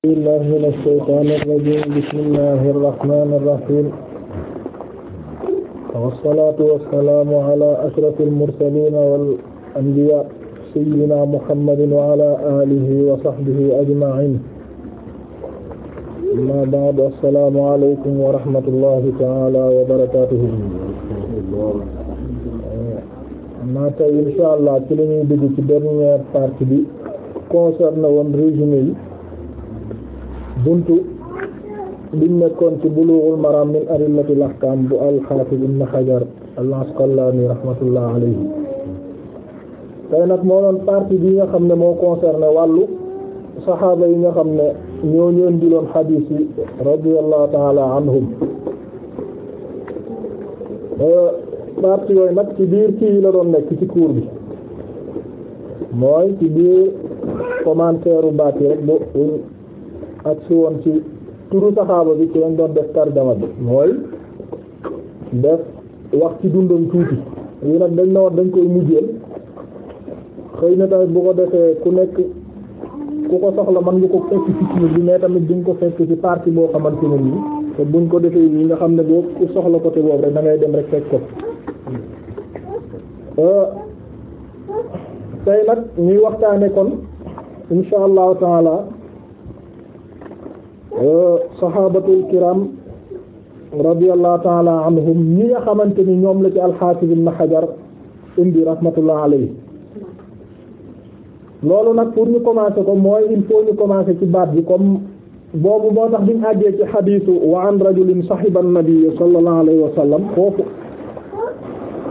أعوذ بالله من الشيطان الرجيم بسم الله الرحمن الرحيم والصلاة والسلام على أشرف المرسلين والأنبياء سيدنا محمد وعلى آله وصحبه أجمعين أما بعد السلام عليكم ورحمة الله تعالى وبركاته ma tey insha Allah ci lañuy dugg ci dernière partie bi concerne woon résumé yi buntu biñ nekkoon ci bulughul maram min adillatil ahkam bu al-hafiz ibn hajar al-asqalani rahmatullah alayhi tey nag moo doon partie bi nga xam ne moo concerné wàllu saxaaba yi nga xam ne ñoo ñoon di loon xadiis yi radiyallahu anhum partie yooyu nag ci biir kii la doon nekk ci cours bi mooy ci biir commentaire baat yi rek bu ak si woon ci turu saxaaba bi ci lañ doon def tarjama bi mooy def wax ci dundam tuuti yi nag dañ dañ koy mujjeel xëy na tamit bu ko defee ku nekk ku ko soxla man nga ko fekk ci ci bi mais tamit duñ ko fekk ci partie boo xamante ne nii te buñ ko defee nii nga xam ne boo ku soxla côté boobu rek da ngay dem rek fekk ko euh, tey nag ñuy waxtaane kon insha allahu sahabatul kiram radiyallahu taala anhum ñi nga xamante ni ñoom la ci alxaafis ibn xajar indi rahmatullah alayhi loolu nag pour ñu commencer ko mooy il faut ñu commencer ci baat bi comme boobu moo tax biñu àggee ci xadiisu wa an rajulin sahiba an-nabi sallallahu alayhi wa sallam foofu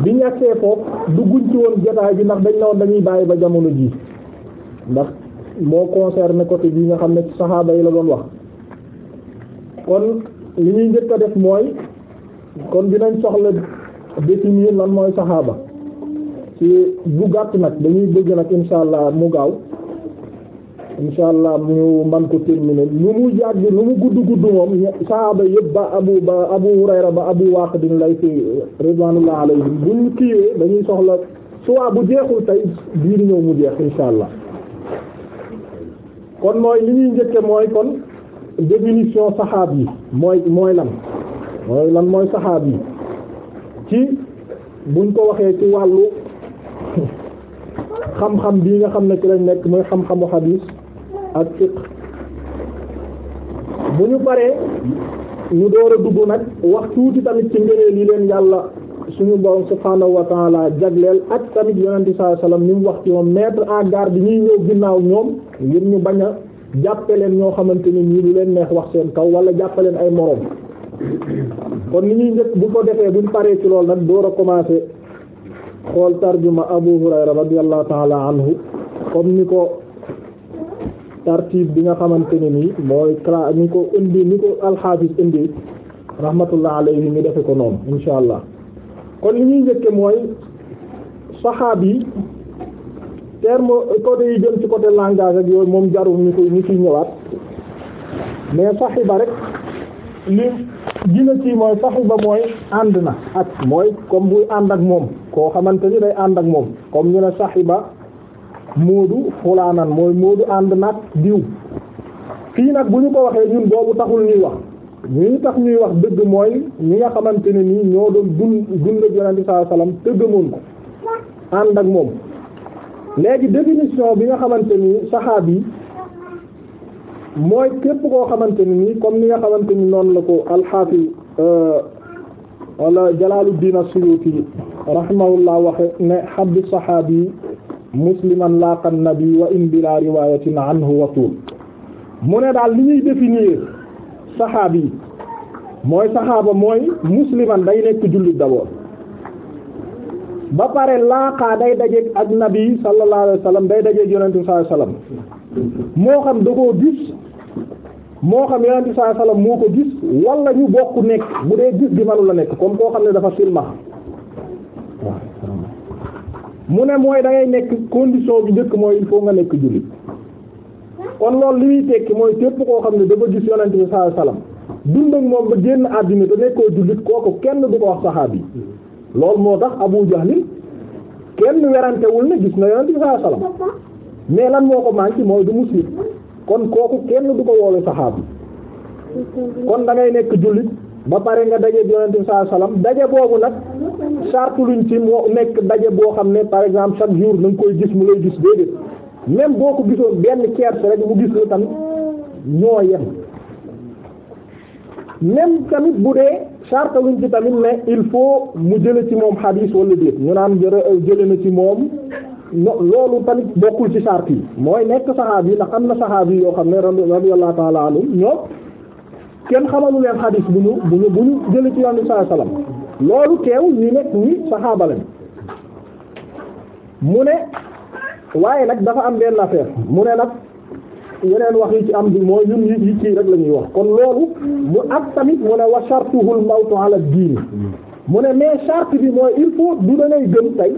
bi ñàkkee foofu dugguñ ci woon jotaay dañ woon dañuy bàyyi ba jamono ji ndax moo ne côté bi nga xam ne ci saxaaba yi la doon wax kon li ñuy njëkk def mooy kon dinañ soxla définir lan mooy saxaaba ci bu gàtt nag dañuy bëgg nag insha allah mu gaaw insha allah mu man ko terminer lu mu yàgg lu mu gudd gudd moom saxaaba yëpp ba abu ba abu hurayra ba abu waqid lay fi ridwanullah alayhim buñ kiiwee dañuy soxla soit bu jeexul tey biir ñëw mu jeex insha allah kon mooy li ñuy njëkke mooy kon définition saxaab yi mooy mooy lan mooy lan mooy saxaab yi ci buñ ko waxee ci wàllu xam-xam bii nga xam ne ci lañ nekk mooy xam-xamu xadiis ak fiqh bu ñu baree ñu door a dugg nag wax tuuti tamit ci ngëneel yi leen yàlla suñu borom subhaanahu wa taala jagleel ak tamit yonente sallallahu alayhi wasallam wax ci moom mettre en garde ñuy ñëw ginnaaw ñoom ngir ñu bañ a jàppe leen ñoo xamante ni ñii lu leen neex wax seen kaw wala jàppaleen ay moroom kon ni ñuy njëkk bu ko defee buñ paree ci loolu nag door a commencer xool tarjuma Abu Hurayra radiyallahu ta'ala anhu comme ni ko tartib bi nga xamante ne nii mooy cla ni ko indi ni ko alxaafis indi rahmatullah alayhi ñu defe ko noonu insha allah kon li ñuy njëkke mooy saxaab yi terme côté yi jëm ci côté langage ak yooyu moom jarul ñu koy ñu ciy ñëwaat mais saxiba rek li gina ci mooy saxiba mooy ànd na ak mooy comme buy ànd ak moom koo xamante ni day ak moom comme ñu ne saxiba moodu fulaanan mooy moodu ànd nag diw fii nag bu ñu ko waxee ñun boobu taxul ñuy wax ñi tax ñuy wax dëgg mooy ñi nga xamante ne nii ñoo doon dund dund ak yonent bi sallallahu alayhi wasallam te ko ànd ak moom léegi définition bi nga xamante ni saxaab yi mooy képp koo xamante ni comme ni nga xamante ni noonu la ko alxaafi jalaalu euh, Jalaaluddin As-Suyuti rahimahullah waxe ne habdu saxaabi musliman laqa nabi wa in bila riwayatin anhu wa tul mu ne daal li ñuy définir saxaab yi mooy saxaaba mooy musliman day nekk jullit d'abord ba pare laaxaa day dajeeg ak nabi sallallahu alayhi wa day dajeeg yonent sa sallallahu moo xam da koo gis moo xam yonent bi sallallahu alayhi wa sallam moo ko gis wala ñu bokk nekk bu dee gis di manu la nekk comme koo xam ne dafa silmax mu ne mooy da nekk condition bi njëkk mooy il faut nga nekk jullit kon loolu li muy tekki mooy képp koo xam ne dafa gis yonent bi sallallahu alayhi wa sallam dund ak moom ba génn àddina te nekkoo jullit kooku kenn du ko wax saxaab yi loolu moo tax Abu Jahl kenn werantewul ne gis na yonent bi sallallahu alayhi wasallam mais lan moo ko manqué mooy du muslim kon kooku kenn du ko woolu saxaabu kon da ngay nekk jullit ba pare nga daje yonent bi sallallahu alayhi wasallam daje boobu nag sartu luñ ci moo nekk daje boo xam ne par exemple chaque jour na koy gis mu lay gis déedéet même boo ko gisoon benn kerse rek mu gis la tamit ñoo yem même tamit bu dee charte luñ ci tamit ne il faut mu jële ci moom xadiis wala déet ñu naan jërë jële ci moom no loolu tamit bokkul ci charte yi mooy nekk yi ndax am na saxaabi yoo xam ne radiyallahu ta'ala anhum ñoom kenn xamalu leen xadiis bu ñu bu ñu bu ñu jële ci yoonu sallallahu alayhi loolu teew ñu nekk ñi saxaaba lañ mu ne waaye nag dafa am benn affaire mu ne nag yeneen wax yi ci am bi mooy ñun yi ci rek la ñuy wax kon loolu mu at tamit mu ne wa shartuhul mawtu ala diin mu ne mais charte bi mooy il faut du da ngay gëm tey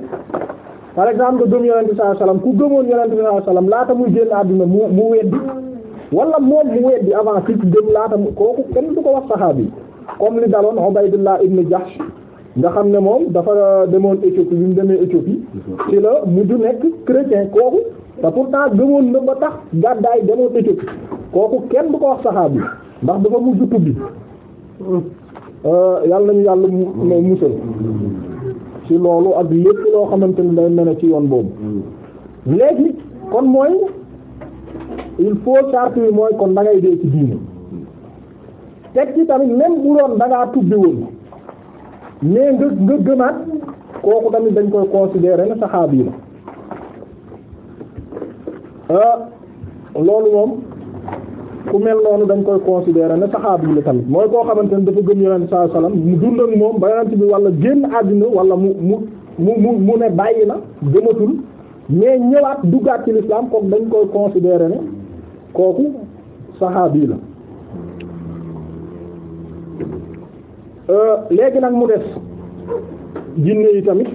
par exemple nga gëm yonent bi sallallahu alayhi wasallam ku gëmoon yonent laata muy génn àdduna mu mu weddi wala moom mu weddi avant ki gëm laata mu kooku kenn du ko wax saxaabi comme li daloon Ubaydullah ibn Jahsh nga xam ne moom dafa demoon Éthiopie bi mu demee Éthiopie ci la mujj nekk chrétien kooku te pourtant gëmoon na ba tax gàddaay demoon Éthiopie kooku kenn du ko wax saxaabi ndax dafa mujj tubbi euh, yàlla nañu yàlla mu musal ci loolu ak loo xamante ne day mel ci yoon boobu léegi kon mooy il faut charte yi mooy kon dangay ngay dee ci diine teg ci tamit même bu doon da ngaa tubbi woon mais nga nga gëmaat kooku tamit dañ koy considérer na saxaabi la Ah, loolu moom ku mel noonu dañ koy considérer ne saxaabu yi la tamit mooy koo xamante ne dafa gëm yonent sallallahu alayhi wasallam mu dund ak moom ba yonent bi wala génn àddina wala mu mu mu mu ne bàyyi na gëmatul mais ñëwaat duggaat ci l'islam kooku dañ koy considérer ne kooku saxaabu yi la. Ah, léegi nag mu des jinne yi tamit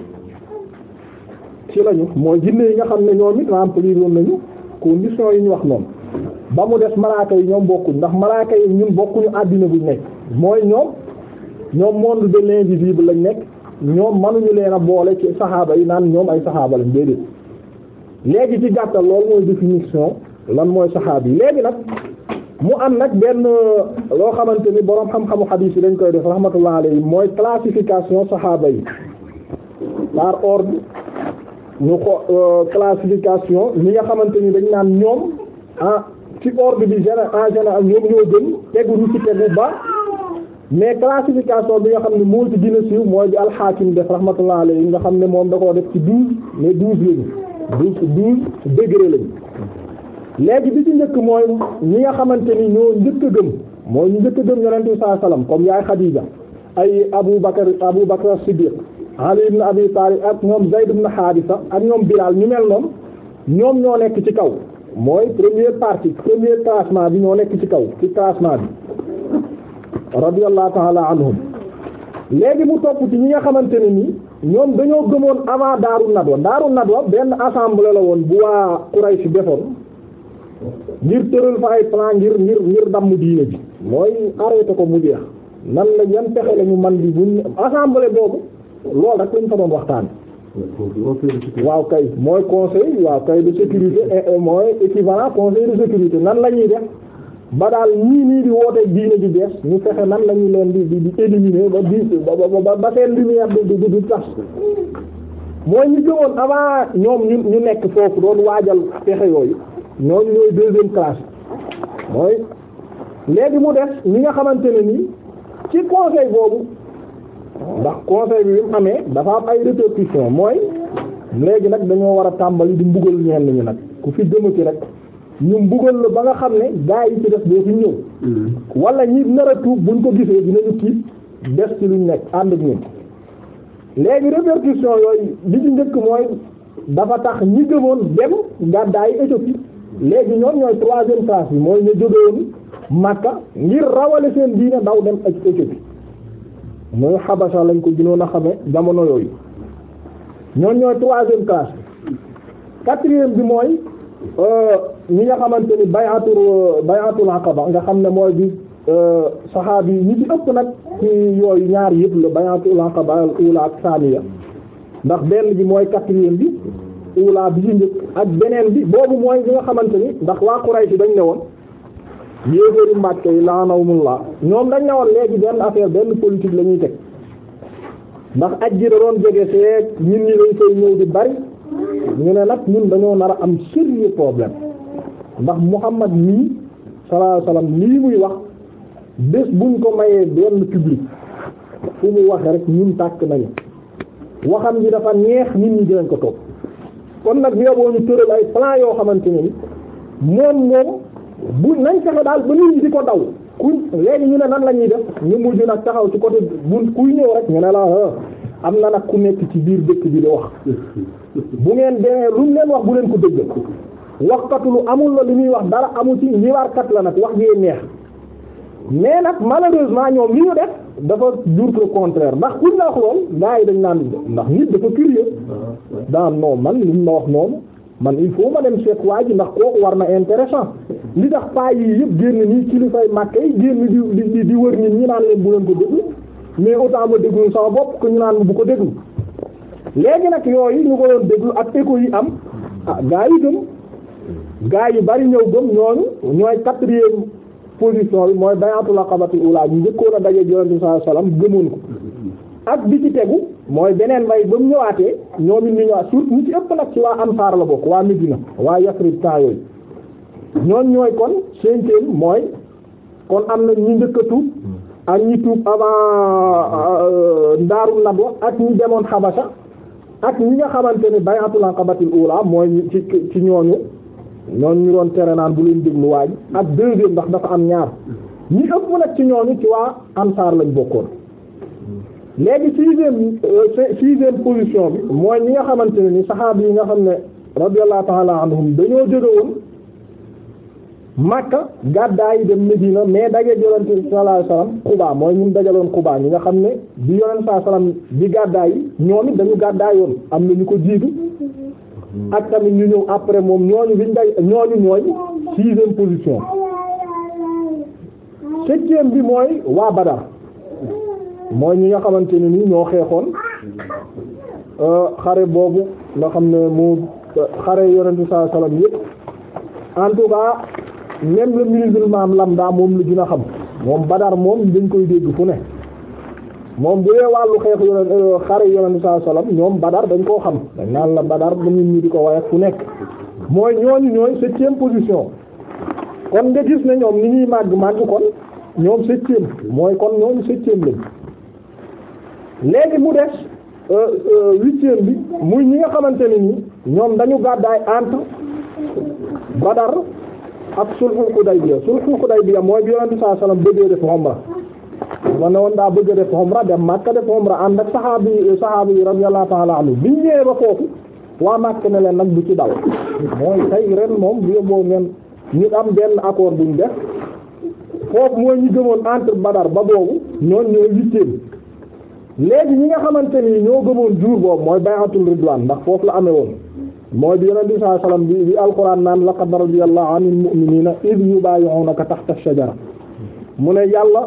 ci lañu mooy jinne yi nga xam ne ñoom it remplir woon nañu. condition yi ñu wax noonu ba mu des malaaka yi ñoom bokkuñ ndax malaaka yi ñun bokkuñu àddina buñ nekk mooy ñoom ñoom monde de l'invisible lañ nekk ñoom mënuñu leen a boole ci saxaaba yi naan ñoom ay saxaaba lañ déedéet léegi ci gàttal loolu mooy définition lan mooy saxaaba yi léegi nag mu am nag benn euh, loo xamante ni boroom xam-xamu xadiis yi dañ koy def rahmatullah alayhi mooy classification saxaaba yi par ordre ñu ko euh, classification ñi nga xamante ni dañ naan ñoom ah ci ordre bi général en général ñoom ñoo gën tegu ñu ci tegu ba mais classification bi nga xam ne moo di gën a siiw mooy bi alxaakim def rahmatullah alayhi nga xam ne moom da koo def ci douze mais douze lañu douze douze degré lañu léegi bi ci njëkk mooy ñi nga xamante ni ñoo njëkk a gëm mooy ñu njëkk a gëm yonente bi sallallahu alayhi wasallam comme yaay Xadiija ay Abu Bakar Abu Bakar Siddiq Ali ibn Abi Talib ak ñoom Zayd ibn Haarisa ak ñoom bilaal ñu mel noonu ñoom ñoo nekk ci kaw mooy première partie premier classement bi ñoo nekk ci kaw ci classement bi radiyallahu ta'ala anhum léegi mu topp ci ñi nga xamante ne ni ñoom dañoo gëmoon avant Daaru Nadwa Daaru Nadwa benn assemblée la woon bu waa Quraysh defoon ngir tëral fa ay plan ngir ngir ngir damm diine bi mooy arrêté ko mu jeex nan la yan pexe lañu man di buñ assemblée boobu loolu rek lañ fa doon waxtaan waaw kay mooy conseil waaw kay de sécurité mooy équivalent conseil de sécurité nan la ñuy def ba daal ñii nii di woote diine ji bees ñu fexe nan la ñuy leen di di di éliminer ba di ba ba seen lumière du du du tas mooy ñu gëmoon avant ñoom ñu nekk foofu doon waajal pexe yooyu ñooñu ñooy deuxième classe mooy léegi mu def ñi nga xamante ne nii ci conseil boobu. ndax conseil bi bi mu amee dafa am ay répercussions mooy léegi nag dañoo war a tàmbali di mbugal ñenn ñi nag ku fi ki rek ñu mbugal la ba nga xam ne gaa yi ci def doo fi ñëw mm-hmm. wala ñi nar a tuub buñ ko gisee dinañu kii des ci luñ nekk ànd ak ñun léegi répercussion yooyu li ñu njëkk mooy dafa tax ñi gëmoon dem gàddaay Éthiopie léegi ñoom ñooy troisième classe bi mooy ñu jógewoon Makka ngir rawale seen diine daw dem ak Éthiopie mooy xabasa lañ ko gënoon a xame jamono yooyu ñoon ñooy troisième classe bi mooy euh, ñi nga xamante ni bayatul euh, bayatul aqaba nga xam ne mooy bi euh, saxaabi yi ñi ci ëpp nag ci yooyu ñaar yëpp la bayatul aqaba al ula ak saaniya ndax benn bi mooy quatrième bi ula bi ci njëkk ak beneen bi boobu mooy bi nga xamante ni ndax waa Quraysh dañ ne woon yéegéeri Mbàkke yi laanawumullaa ñoom dañ na woon léegi benn affaire benn politique la ñuy teg ndax aj ji da doon jege seeg ñun ñi lañ koy ñëw di bari ñu ne nag ñun dañoo nar a am sérieux problème ndax Muhammad nii sallallahu alayhi wasallam lii muy wax bés buñ ko mayee benn public fu mu waxe rek ñun tàkk nañu waxam ji dafa neex nit ñi dinañ ko toog kon nag bi yoboo ñu tëral ay plan yoo xamante ni moom moom bu nañ fexe daal ba nit ñi di ko daw kuñ léegi ñu ne nan la ñuy def ñu mujj nag taxaw ci côté bu kuy ñëw rek ñu ne la ah, am na nag ku nekk ci biir dëkk bi di wax bu ngeen demee lu mu leen wax bu leen ko dëgg waxkat lu amul la lu muy wax dara amul ci ñiwaarkat la nag wax jee neex mais nag malheureusement ñoom li ñu def dafa jur le contraire ndax kuñ la wax lool gars dañ naan ndax nit dafa curieux ah, daan non man li mu ma wax noonu man il ma dem seet waa ji ndax kooku war na intéressant li tax paa yi yëpp génn nii kilifay màkke yi génn di di di wër nit ñi naan leen bu leen ko déglu mais autant ma déglu sama bopp que ñu naan bu ko déglu léegi nag yooyu ñu ko doon déglu ak écho yi am ah gaa yi gëm gaa yi bari ñëw gëm ñooñu ñooy quatrième position mooy bayaatu la xabati ula ñu njëkkoon a daje yonent sa sallallahu alayhi wasallam gëmoon ko ak bi ci tegu mooy beneen mbay ba mu ñëwaatee ñoo it ñu ñu nag ci waa Ansaar la bokk waa Medina waa Yasrib temps yooyu ñoom ñooy kon cinquième mooy kon am na ñu njëkk a tuub avant euh, Daaru Nadwa ak ñi demoon Xabasa ak ñi nga xamante ne bay'atul aqabatil ula mooy ci ci ñooñu ñooñu ñu doon tere naan bu leen déglu waaj ak deuxième ndax dafa am ñaar ñi ëpp nag ci ñooñu ci waa Ansaar lañ bokkoon. léegi sixième euh, sixième position bi mooy ñi nga xamante ne ni saxaaba yi nga xam ne radiyallahu ta'ala anhum dañoo jóge woon Makka gàddaay dem Medina mais daje yonent bi sallallahu alayhi wasallam Quba mooy ñun dajaloon Quba ñi nga xam ne di yonent sallallahu alayhi wasallam bi gàddaay ñoom it dañu gàddaay woon am na ñu ko jiitu ak tamit ñu ñëw après moom ñooñu biñ day ñooñu ñooy sixième position septième bi mooy waa Badar mooy ñi nga xamante ne nii ñoo xeexoon euh, xare boobu nga xam ne moo xare yonente saa salaam yëpp en tout cas même le musulman lambda moom la gën a xam moom Badar moom dañ koy dégg fu ne moom bu dee wàllu xeexu yonen euh, xare yonente saa salaam ñoom Badar dañ koo xam dañ naan la Badar ba ñun ñu di ko waaye fu nekk mooy ñooñu ñooy septième position kon nga gis ne ñoom ni ñuy màgg màgg kon ñoom septième mooy kon ñooñu septième lañ léegi mu des euh, euh, huitième bi muy ñi nga xamante ne ñoom dañu gàddaay entre Badar ak sulhul Hudaybiya sulhul Hudaybiya mooy bi Yonent bi sallallahu alayhi wasallam bëggee def umra ma ne woon daa bëgg a def umra dem Makka def umra ànd ak saxaabi saxaabi yi radiyallahu ta'ala anhu biñ ñëwee ba foofu waa Makka ne leen nag bu ci dal mooy tey ren moom bu yóbboo ngeen ñu am benn accord buñ def foofu mooy ñu gëmoon entre Badar ba boobu ñoon ñooy huitième léegi ñi nga xamante ni ñoo gëmoon jour boobu mooy bay'atul ridwaan ndax foofu la amee woon mooy bi yonent bi sallallahu alayhi wasallam bi bi alquran naan laqad radiyallahu anil mu'minina id yubay'unaka tahta ash-shajara mu ne yàlla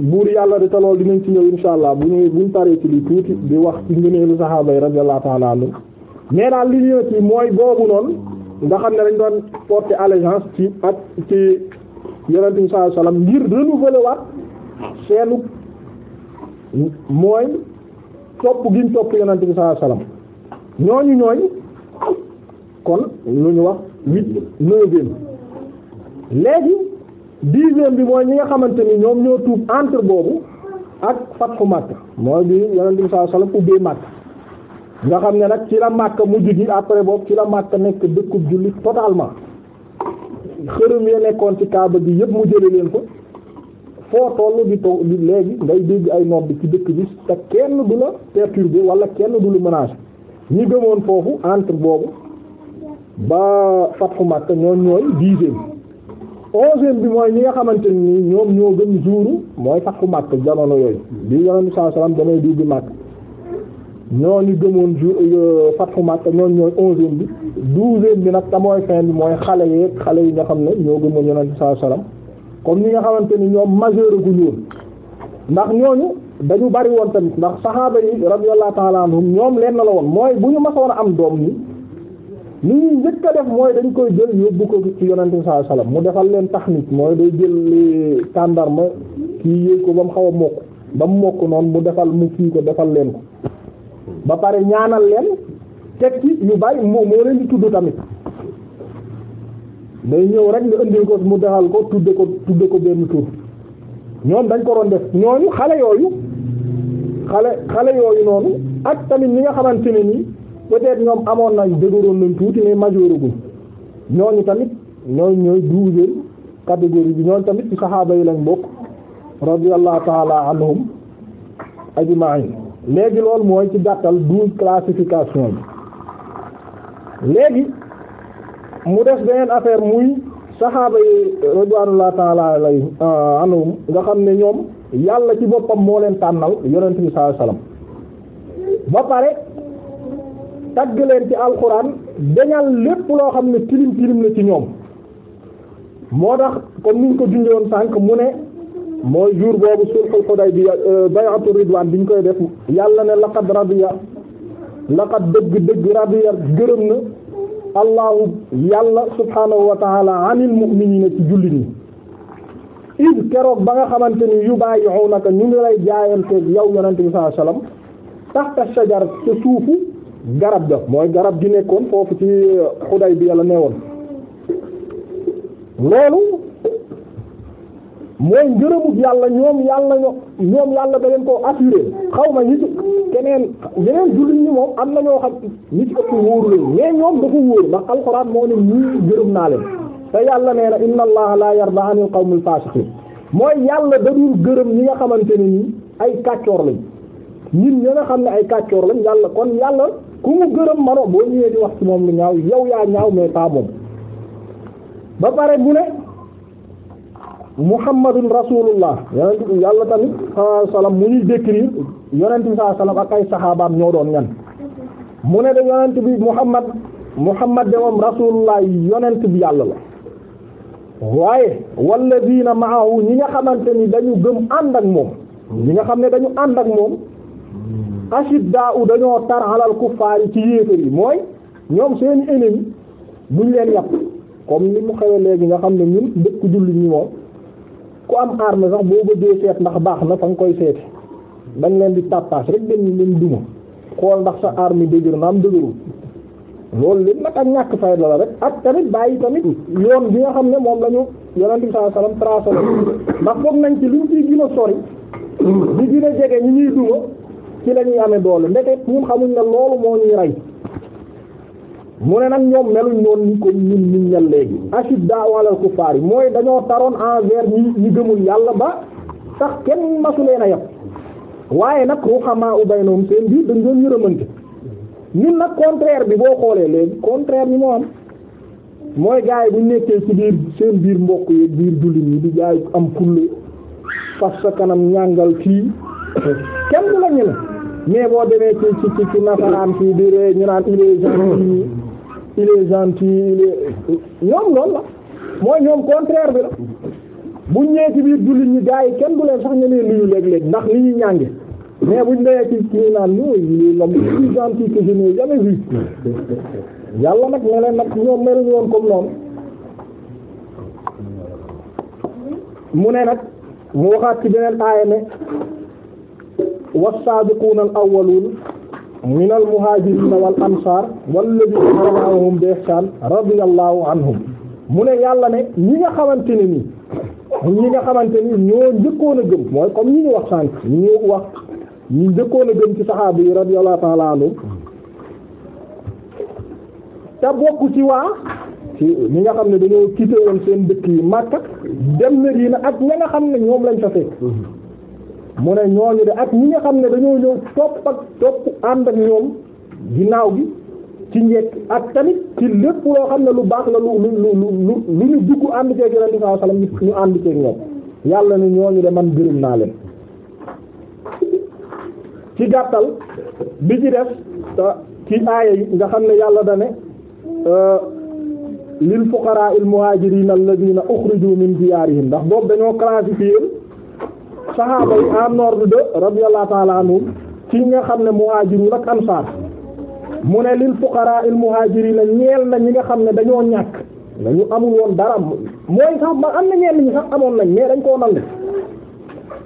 buur yàlla de talool dinañ ci ñëw insha allah bu ñu buñ paree ci li tuuti di wax ci ngëneelu saxaaba yi radiyallahu ta'ala anhu mais daal li ñëw mooy boobu noonu nga xam ne dañ doon porter allégeance ci ak ci yonent bi sallallahu alayhi wasallam ngir renouveler waat seenu mooy topp giñ topp yonent bi sallallahu alayhi wasallam ñooñu ñooñu kon lu ñu wax huit neuvième léegi dixième bi mooy ñi nga xamante ni ñoom ñoo tuub entre boobu ak fatxu Makka mooy bi yonent bi sallallahu alayhi wasallam ubbee Makka nga xam ne nag ci la Makka mujj gi après boobu ci la Makka nekk dëkku jullit totalement xërëm ya nekkoon ci Kaaba bi yëpp mu jële leen ko foo toll di taw di léegi ngay dégg ay nodd ci dëkk bi te kenn du la perturbé wala kenn du la menacé ñi gëmoon foofu entre boobu ba fatxu Makka ñoom ñooy dixième onzième bi mooy ñi nga xamante ni ñoom ñoo gën jouru mooy fatxu Makka jamono yooyu bi yonent saa salaam damay dugg Makka ñooñu gëmoon jour euh, fatxu Makka ñoom ñooy onzième bi douzième bi nag te mooy bi mooy xale yeeg xale yi nga xam ne ñoo gëmoon yonent saa salaam comme ñi nga xamante ni ñoom majeur gu ñuul ndax ñooñu dañu bari woon tamit ndax saxaaba yi radiyallahu ta'ala anhum ñoom leen na la woon mooy bu ñu masoon a am doom ni li ñuy njëkk a def mooy dañ koy jël yóbbu ko ci yonente bi sallallahu alayhi wasallam mu defal leen tax taxnit mooy day jël li tàndarma kii yëy ko ba mu xaw a mokk ba mu mokk noonu mu defal mu kii ko defal leen ko ba pare ñaanal leen teg ci yu bàyyi moo moo leen tudd tamit day ñëw rek nga indil ko mu daxal ko tudde ko tudde ko benn tur ñoom dañ ko doon def ñooñu xale yooyu xale xale yooyu noonu ak tamit ñi nga xamante ne nii peut-être ñoom amoon nañ dëgëroon nañ tuuti mais majooragul ñooñu tamit ñooy ñooy douzième catégorie bi ñooñu tamit ci saxaaba yi lañ bokk radiyallahu ta'ala anhum ajma'in léegi loolu mooy ci gàttal douze classification bi léegi mu des beneen affaire muy saxaaba yi radiyallahu ta'ala euh, anhum nga xam ne ñoom yàlla ci boppam moo leen tànnal yonent bi sallallahu alayhi wasallam ba pare tagg leen ci alxuraan dañal lépp loo xam ne tilim tilim la ci ñoom moo tax comme niñ ko junjoon sànq mu ne mooy jour boobu sulhul Hudaybiya euh, bay'atu ridwaan bi ñu koy def yàlla ne laqad radiya laqad dëgg dëgg radiya gërëm na allahu yàlla subhaanahu wa taala anil mu'minina ci jullit ñi id keroog ba nga xamante ni yu bàyyi xaw naka ñu ngi lay jaayanteeg yow yonente bi sallallahu alayhi wasallam taxta shajar ca suufu garab ga mooy garab gi nekkoon foofu ci Xudaybiya la neewoon loolu mooy ngërëmu yàlla ñoom yàlla ñoom yàlla da ko koo assuré xaw ma ñi ci keneen yeneen jullit ñi moom am na ñoo xam ñi ci ëpp wóoru leen mais ñoom dafa wóor ndax alxuraan moo ne ñii ngërëm naa leen te yàlla nee na inna allaha la yarda anil qawmil fasiqin mooy yàlla da dul gërëm ñi nga xamante ne nii ay kàccoor lañ ñun ñi nga xam ne ay kàccoor lañ yàlla kon yàlla ku mu gërëm mano boo ñëwee di wax ci moom lu ñaaw yow yaa ñaaw mais pas ba pare bu ne muhammadun rasulullah yonent yàlla tamit sallallahu alayhi wasallam mu ñuy décrire yonent bi sallallahu alayhi ak ay saxaabaam ñoo doon ñan mu ne de yonent bi muhammad muhammad de moom rasulullah yonent bi yàlla la waaye walladina ma'ahu ñi nga xamante ni dañu gëm ànd ak moom ñi nga xam ne dañu ànd ak moom ashidda'u dañoo tar alal kuffaar yi ci yéefar yi mooy ñoom seeni ennemi buñ leen yàpp comme ni mu xewee léegi nga xam ne ñun dëkk jullit ñi moom ku am arme sax boo bëggee seet ndax baax na fa nga koy seeti dañ leen di tappaas rek dañ leen duma xool ndax sa arme dëgër na am dëgërul loolu lépp nag ak ñàkk fayda la rek ak tamit bàyyi tamit yoon bi nga xam ne moom la ñu yonent bi sallallahu alayhi wasallam tracé la ndax foog nañ ci luñ ciy gën a sori di gën a jege ñi ñuy duma ci la ñuy amee doole ndeke ñun xamuñ ne loolu moo ñuy rey mu ne nag ñoom meluñ noonu ni ko ñun ñu ñal léegi ashiddaa alal kufaar yi mooy dañoo taroon envers ñi ñi gëmul yàlla ba sax kenn masu leen a yab waaye nag ruhamaa baynahum seen biir dañ doon yërëmante ñun nag contraire bi boo xoolee léegi contraire bi moo mooy gars yi bu nekkee ci biir seen biir mbokk yi biir jullit yi di jaay am fulle fas sa kanam ñàngal fii kenn du la ñeme mais boo demee ci ci ci nasaraan fii di ree ñu naan il est gentil il est gentil il est ñoom loolu la mooy ñoom contraire bi la buñ ñëwee ci biir jullit ñi gars yi kenn du leen sax ñu leen nuyu léeg-léeg ndax li ñu ñànge mais bu dee ci kii naan non il est l'homme le yàlla nag ne leen nag ñoom meluñu woon comme noonu mu ne nag mu waxaat ci beneen aaya ne saa saabiquuna al-awwaluun min al muhaajiriina wal ansaar wallaziina tabi'uuhum bi ihsaan radiyallahu anhum mu ne yàlla ne ñi nga xamante ne nii ñi nga xamante ni ñoo njëkkoon a gëm mooy comme ñi ñu wax sànq ñu wax ñu njëkkoon a gëm ci saxaaba yi radiyallahu ta'ala anhum te bokk ci waa ci ñi nga xam ne dañoo quitté woon seen dëkk yi Makka dem Medina ak ña nga xam ne ñoom lañ fa fekk mu ne ñooñu de ak ñi nga xam ne dañoo ñëw topp ak topp ànd ak ñoom ginnaaw gi ci njekk ak tamit ci lépp loo xam ne lu baax la lu lu lu lu lu ñu dugg ànd ceeg yonent bi sallallahu alayhi ñu ànd ceeg ñoom yàlla ne ñooñu de man gërëm naa leen ci gàttal bi ci def ci aaya yi nga xam ne yàlla da ne euh, lil fuqaraa il muhaajiriina alladhiina uxrijuu min diyaarihim ndax boobu dañoo classifier saxaaba yi en ordre de radiyallahu ta'ala ci nga xam ne muhaajiruun ak ansaar mu ne lil fuqaraa il muhaajiriina ñeel na ñi nga xam ne dañoo ñàkk dañu amul woon dara mooy sax ba am na ñenn ñi sax amoon nañ mais dañ koo nangu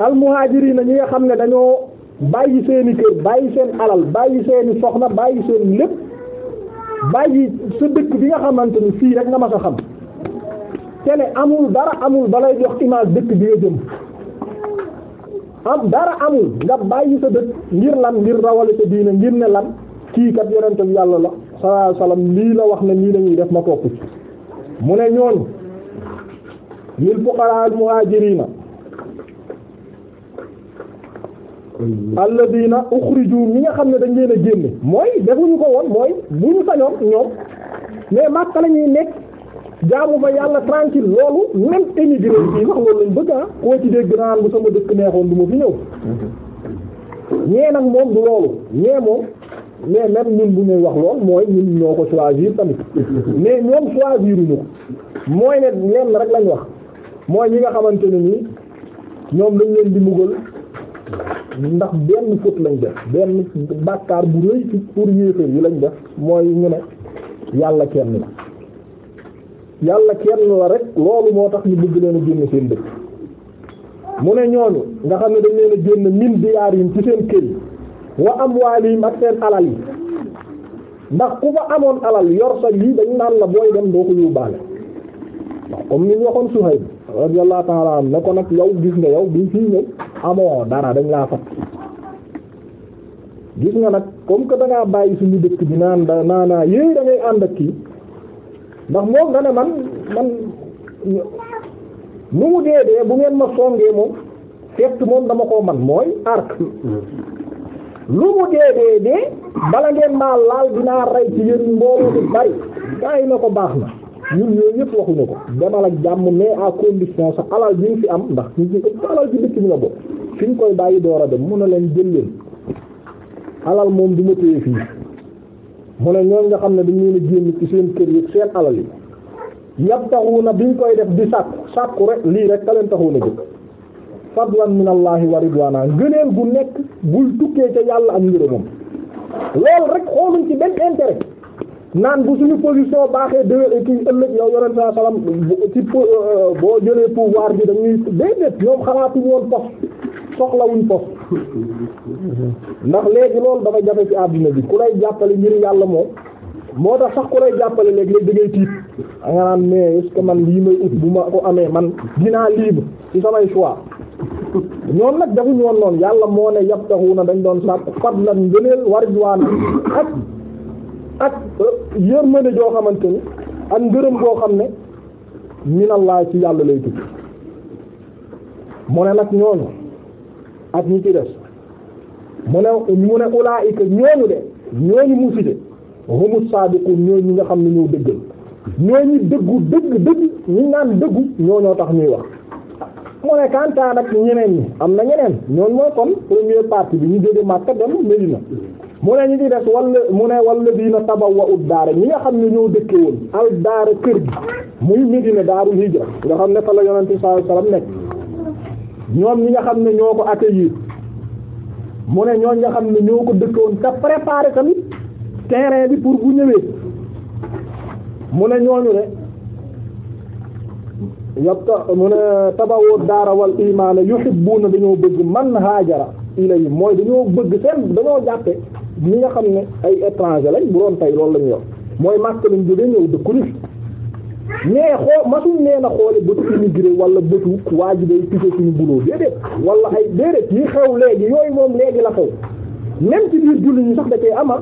al muhaajiriina ñi nga xam ne dañoo bàyyi seeni kër bàyyi seen alal bàyyi seeni soxna bàyyi seen lépp bàyyi sa dëkk bi nga xamante ni fii rek nga ma sa xam te ne amul dara amul balay jox image dëkk bi nga jëm am dara amul nga bàyyi sa dëkk ngir lan ngir rawale sa diine ngir ne lan kii kat yonente yàlla la sallallahu alayhi lii la wax ne nii lañuy def ma topp ci mu ne ñooñu lil fuqara al muhajirina alladina ukhriju ñi nga xam ne dañ leen a génne mooy defuñu ko woon mooy bu ñu sañoon ñoom mais Makka lañuy nekk jaamu fa yàlla tranquille loolu même émigré fii sax loolu lañ bëgg ah koo ci dégg naan bu sama dëkk neexoon du ma fi ñëw ñee nag moom du loolu ñee moom mais même ñun bu ñuy wax lool mooy ñun ñoo ko choisir tamit mais ñoom choisir ñu ko mooy ne lenn rek lañ wax mooy ñi nga xamante ne nii ñoom lañ leen di mbugal ndax benn faute lañ def benn bàkkaar bu rëy ci pour yéefar yi lañ def mooy ñu ne yàlla kenn la yàlla kenn la rek loolu moo tax ñu bëgg leen a génne seen dëkk mu ne ñooñu nga xam ne dañ leen a génn min diyaarihim ci seen kër yi wa amwaalihim ak seen alal yi ndax ku fa amoon alal yor sa lii dañ naan la booy dem doo ko yóbbaale ndax ni ñu waxoon su radiyallahu ta'ala anhu ne ko nag yow gis nga yow bi fii ñëw amoo dara dañ laa fat gis nga nag comme que da bàyyi suñu dëkk bi naan da naanaa yéey da ànd ak kii ndax moom dana man man nu mu dee dee bu ngeen ma songee moom fekk moom dama koo man mooy arc lu mu dee dee dee bala ngeen maa laal dinaa rey ci yéen mbooloo bu bari bàyyi na ko baax na ñun yooyu yëpp waxuñu ko demal ak jàmm mais à condition sa alal bi ji fi am ndax ñu ngi bi nga bokk koy bàyyi door a dem mun a leen jël leen alal moom du ma fii. mu ne ñooñ nga xam ne dañ leen a génn ci seen kër yi seen alal yi yab taxu na biñ koy def di sàkku sàkku rek lii rek ka leen na a jóg fadlan min allahi wa ridwana gu nekk bul tukkee ca yàlla am ngërëmam loolu rek xooluñ ci benn intérêt naan bu suñu position baaxee déwé kii ëllëg yow yonent saa salaam ci euh, boo jëlee pouvoir bi dañuy déedéet ñoom xalaatuñ woon poste soxlawuñ ko ndax léegi loolu dafa jafe ci àdduna bi ku lay jàppale ngir yàlla moom moo tax sax ku lay jàppale léegi léegi da ngay tiit a nga mais que man lii may ut bu ma ko amee man dinaa libre ci samay choix ñoom nag dafa ñoon noonu yàlla moo ne yab taxu na dañ doon sàkk fadlan ngëneel warjuwaan ak ak euh, yërmande joo xamante ni ak ngërëm boo xam ne minallaa ci yàlla lay tukki mu ne nag ñooñu ak ñi ci des mu ne mu ne ulaa'ika ñooñu de ñooñu mu fi de humu ñooñu ñi nga xam ne ñoo dëggal ñooñu dëggu dëgg dëgg ñi naan dëggu ñooñoo tax ñuy wax mu ne kantaan ak ñeneen ñi am na ñeneen ñooñu mooy kon première partie bi ñu jóge Makka dem Medina mu ne ñu di des walla mu ne walladina tabawwa'u daara ñi nga xam ne ñoo dëkke woon al daara kër gi muy Medina daarul hijra nga xam ne fa la yonente sallallahu alayhi nekk ñoom ñi nga xam ne ñoo ko accueillir mu ne ñooñ nga xam ne ñoo ko dëkkoon te préparer tamit terrain bi pour bu ñëwee mu ne ñooñu ne yabta mu ne tabawoo daara wal imaana na dañoo bëgg man haajara ilayhi mooy dañoo bëgg seen dañoo jàppe ñi nga xam ne ay étranger lañ bu doon tey loolu lañu yor mooy màkk lañ jógee ñëw dëkku ni mais xool masuñ nee na xoole bëtu immigré wala bëtu waa ji day piqué suñu buloo déedéet wala ay déedéet yi xew léegi yooyu moom léegi la xew même ci biir julli ñu sax da cee ama ah.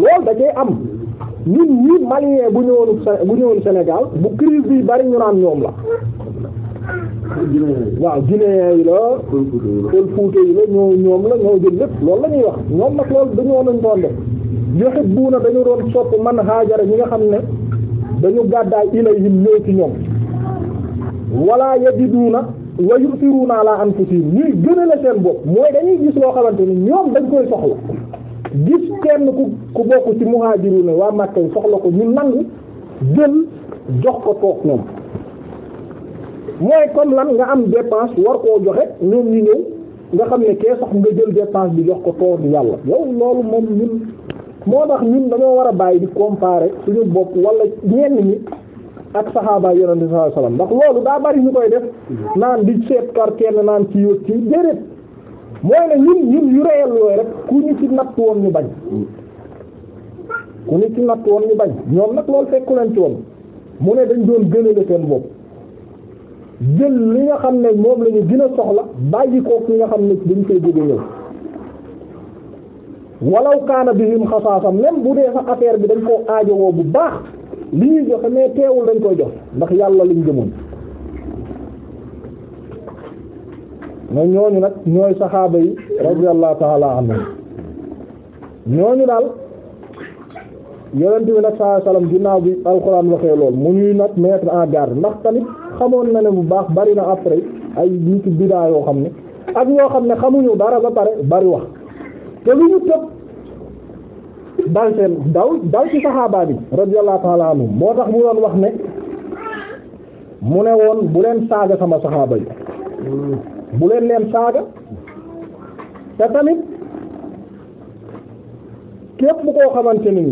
loolu da am ñun ñii malien bu ñëwoon bu ñëwoon senegal bu crise bi bari ñu naan ñoom la waaw Guinée yi la Pël Fuuta yi la ñoo ñoom la ñoo jël lépp lool la ñuy wax ñoom nag loolu dañoo nañ doon def yoxit buuna dañu doon sopp man haajara ñi nga xam ne dañu gàddaay ilayhim ñëw ci ñoom wala yajiduuna wa yu'tiruuna ala anfusihim ñuy gënale seen bopp mooy dañuy gis loo xamante ni ñoom dañ koy soxla gis kenn ku ku bokk ci muhaajiruuna waa Makka soxla ko ñu nangu jël jox ko toog ñoom mooy comme lan nga am dépense war koo joxe ñoom ñu ñëw nga xam ne kee sax nga jël dépense bi jox ko toog yàlla yow loolu moom ñun moo tax ñun dañoo war a bàyyi di comparer suñu bopp wala ñenn ñi ak saxaabaay yonent bi sallallahu alayhi wasallam ndax loolu bari ñu koy def naan di seet kar kenn naan ci yót ci déedéet mooy ne yu réel rek ku ñu ci natt woon ñu bañ ku ñu ñu bañ ñoom nag loolu fekku ci woon mu ne dañ doon gënale seen bopp jël li nga xam ne moom lañu ñu gën a soxla bàyyi ko ki nga xam ne dañ koy jóge ñëw walaw kaana bihim xasaasam même bu dee sax affaire bi dañ koo aajowoo bu baax li ñuy joxe mais teewul dañ koy jox ndax yàlla luñ gëmoon mais ñooñu nag ñooy saxaaba yi radiyallahu ta'ala anhum ñooñu daal yonent bi nag saa salaam ginnaaw bi alxuraan waxee lool mu ñuy nag mettre en garde ndax tamit xamoon na ne bu baax bari na après ay nit bidaa yoo xam ne ak ñoo xam ne xamuñu dara ba pare bari te lu ñu tëb dal seen daw dal ci saxaaba bi radiyallahu ta'ala anhum moo tax mu doon wax ne mu ne woon bu leen saaga sama saxaaba yi bu leen leen saaga te tamit képp bu koo xamante ni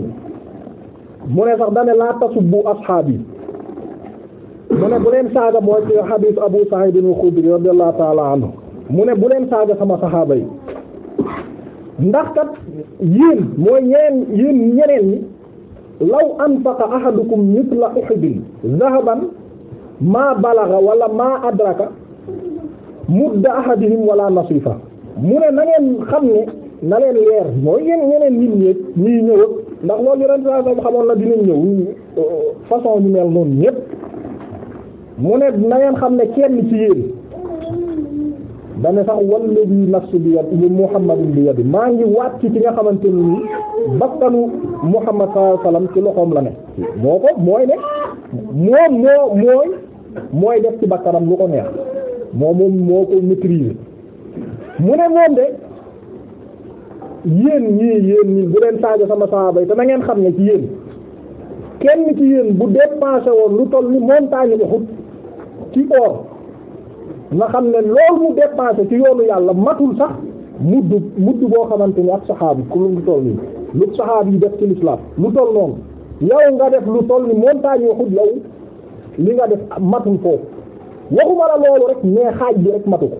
mu ne sax dane laa tasubbu asxaabi mu ne bu leen saaga moo ci xadiis Abu Sa'id al-Khudri radiyallahu ta'ala anhu mu ne bu leen saaga sama saxaaba yi ndax kat yéen mooy ñeen yéen ñeneen ñi law anfaqa ahadukum mithla uhudin zahaban maa balaga wala maa adraka mudda ahadihim wala nasifa mu ne na ngeen xam ne na leen leer mooy yéen ñeneen nit ñépp ñii ñëw ndax loolu yonent saa sam xamoon na dinañ ñëw euh, façon ñu mel noonu ñépp mu ne na ngeen xam ne kenn ci yéen da ne léegi walladi nafsu bi yad bi muhammadin bi maa ngi waat ci nga xamante ni nii bakkanu muhammad sallallahu alayhi wasallam ci loxoom la ne moo ko mooy ne moom moo mooy mooy def ci bakkanam lu ko neex moom moom moo ko maîtriser mu ne moom de yéen ñii yéen ñii bu leen saaga sama saaba yi te na ngeen xam ne ci yéen kenn ci yéen bu dépassé woon lu toll ni montagne Uhud ci or na xam ne loolu mu dépensé ci yoonu yàlla matul sax mudd mudd boo xamante ni ak saxaabi ku lu toll nii lu saxaab yi def ci l'islam lu toll noonu yow nga def lu toll ni montagne yoo xut yow li nga def matul foofu waxuma la loolu rek mais xaaj bi rek matu ko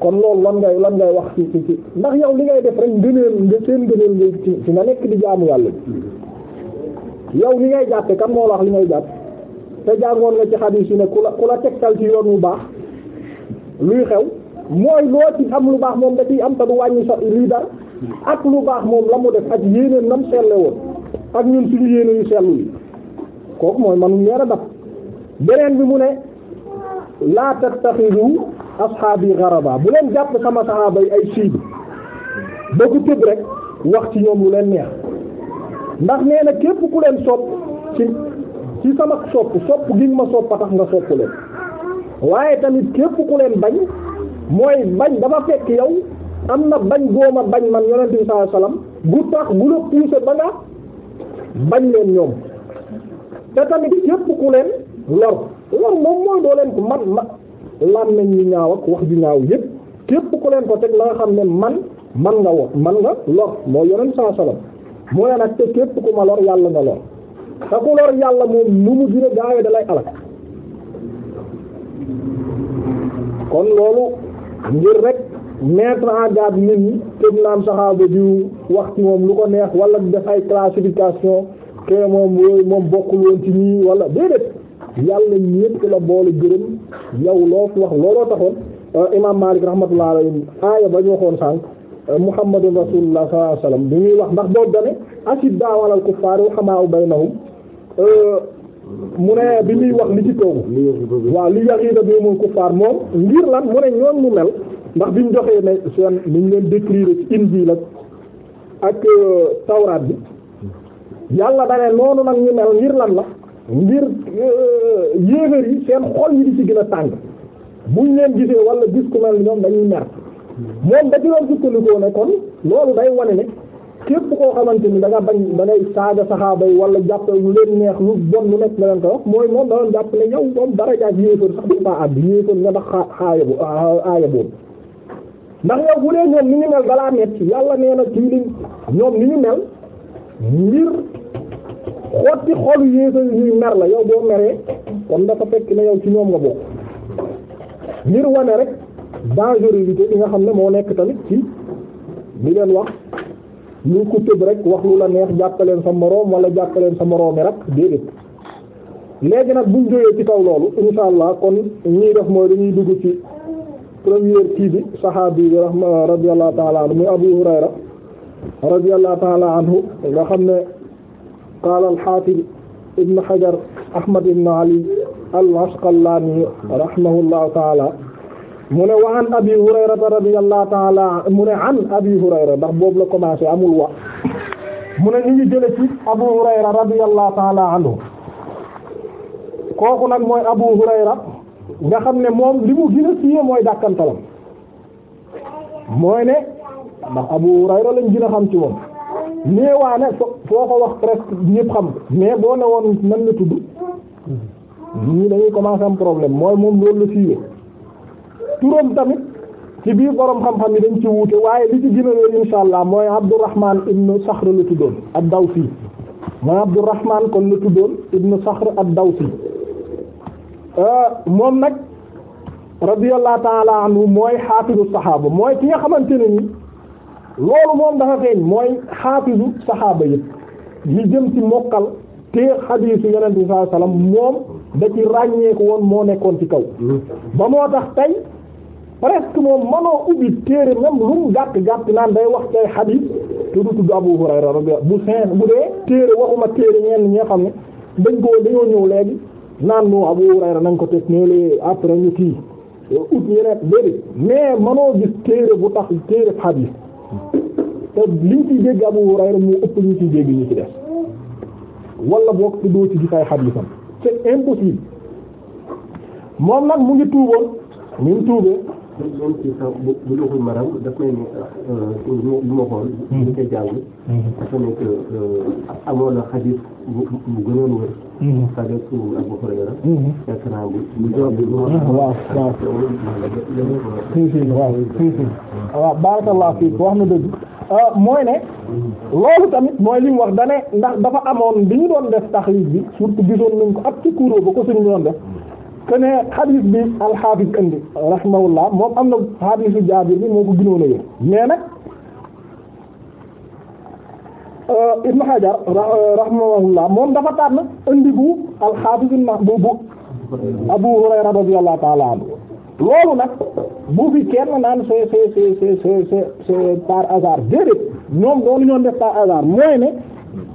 kon loolu lan ngay lan ngay wax ci ci ndax yow li ngay def rek ngëneel nga seen ngëneel nga ci nga nekk di jaamu yàlla bi li ngay jàppe kan moo la wax li ngay jàpp te jàngoon nga ci xadiis yi ne ku la ku la tegtal ci yoon wu baax luy xew mooy loo ci am lu baax moom da ciy am te du wàññi sa lii dara ak lu baax moom la mu def ak yéeneen nam selle woon ak ñun suñu yéeneen yu sellu yi kooku mooy man ñeer a daf beneen bi mu ne laa tattaxidu ashaabi garaba bu leen jàpp sama saxaaba yi ay siibi ba ko tëb rek wax ci ñoom lu leen neex ndax nee na képp ku leen sopp ci ci sama sopp sopp gi ma sopp a tax nga sopp leen waaye tamit képp ku leen bañ mooy bañ dafa fekk yow am na bañ gooma bañ man yonent bi sallallahu alayhi wasallam bu tax bu la poussé ba nga bañ leen ñoom te tamit képp ku leen lor lor moom mooy doo leen ko man ma làmmiñ yu ñaaw ak wax ju ñaaw yépp képp ku leen ko teg la xam ne man man nga wo man nga lor moo yonent sallallahu alayhi wasallam moo ne nag képp ku ma lor yàlla nga lor te ku yàlla moom nu mu gën a gaawee da lay kon loolu ngir rek mettre en garde nit ñi tëb wax ci moom lu ko neex wala def ay classification ke moom moom bokkul woon ci ñii wala déedéet yàlla ñépp la boole gërëm yow loo fi wax looloo taxoon euh, imam Malik rahmatullah alayhi aaya ba ñu waxoon sànq euh, Muhammadun rasulullah sallallahu alayhi wasallam bi ñuy wax ndax boobu dane asid daa walal kuffaar ruhamaa baynahum euh, mu ne bi muy wax li ci toogu waaw li yaxiida bi moom kuffaar moom ngir lan mu ne ñoom ñu mel ndax bi biñ joxee ne seen niñ leen décrire ci injiil ak euh, tawraat bi yàlla da ne noonu nag ñu mel ngir lan la ngir euh, yéefar yi seen xol yi di ci gën a tàng buñ leen gisee wala gis ku mel ni ñoom dañuy mer moom da ci doon sukkandikoo ne kon loolu day wane ne képp koo xamante ni da nga bañ da ngay saaga saxaaba yi jàpp lu leen neex lu bon lu nekk nga ko wax mooy moom da doon jàpp ne yow moom daraja yéefar sax du ma àdd yéefar nga ndax bu aaya boobu ndax yow bu dee ñoom ni ñu mel dalaa metti yàlla nee na lii li ñoom ni ñu mel ngir xotti xolu yéefar ñuy mer la yow boo meree kon dafa fekk ne yow ci ñoom nga bokk ngir wane rek dangerosité bi nga xam ne moo nekk tamit ci li leen wax ñu ko tëb rek wax lu la neex jàppaleen sa moroom wala jàppaleen sa moroomi rek déedéet léegi nag buñ jógee ci kaw loolu insha allah kon ñuy def mooy dañuy ci première kii bi saxaabi bi rahma radiyallahu taala anhu muy abu hurayra radiyallahu taala anhu nga xam ne ibn hajar ahmad ibn ali al-asqalani rahimahullahu taala mu ne wa an abi hurayrata radiyallahu ta'ala mu ne an abi hurayra ndax boobu la commencé amul wax mu ne ñu ngi jële ci abu hurayra radiyallahu ta'ala anhu kooku nag mooy abu hurayra nga xam ne moom li mu gën a mooy dàkkantalam mooy ne ndax abu hurayra lañ gën a xam ci moom néewaane foo ko wax presque ñépp xam mais boo ne woon nan la tudd ñii dañuy commencé am problème mooy moom loolu la turam tamit ci biir borom xam-xam yi dañ ci wuute waaye li ci gën a wér insha allah mooy Abdourahman ibnu Saxr la tuddoon ad-Dawsi mooy Abdourahman kon la tuddoon ibnu Saxr ad-Dawsi euh, moom nag radiyallahu ta'ala anhu mooy xaafisu saxaaba mooy ki nga xamante ne ni loolu moom dafa feeñ mooy xaafisu saxaaba yëpp li jëm ci mokkal te xadiisu Yonent bi sallallahu alayhi wasallam moom da ci ràññeeku woon moo nekkoon ci kaw hmm. ba moo tax tey. presque moom manoo ubbi téere même lu mu gàtt naan day wax cay xadiis te du tudd Abu Hurayra radiyallahu bu seen bu dee téere waxuma téere ñenn ñi xam ne dañ koo dañoo ñëw léegi naan nu Abu Hurayra nañ ko teg neelee après ñu kii ut yeneen bëri mais manoo gis téere bu tax téere xadiis te liñ ci dégg Abu Hurayra moo ëpp ñu ci dégg ñu ci def wala boog te doo ci gis ay xadiisam c'est impossible moom nag mu ngi tuuboon mu ngi tuubee même ci sa bu bu luxul maram daf may ne bu euh, ma xool. bu koy jàng. Mm-hmm. dafa nekk euh, amoon na xadis bu bu gënoon wër. xadis mm-hmm. bu Abu Hurayra. Mm-hmm. fekk naa bu bu jox bi. waaw waaw si si waaw si si waaw barakallahu fiik wax na dëgg euh, mooy ne loolu tamit mooy li mu wax dane ndax dafa amoon bi ñu doon def taxriij bi surtout gisoon nañ ko ak ci kuréel ba ko suñu doon def. que ne xadis bi alxaafis indi rahimahullah moom am na xadisu jaabir bi moo ko gënoon a yor mais nag euh, Ibn Hajar euh, rahimahullah moom dafa tànn indi bu alxaafis bu bu Abu Hurayra radiyallahu ta'ala loolu nag bu fi kenn naan c'est c'est c'est c'est c'est par hasard déedéet ñoom doolu ñoon def par hasard mooy ne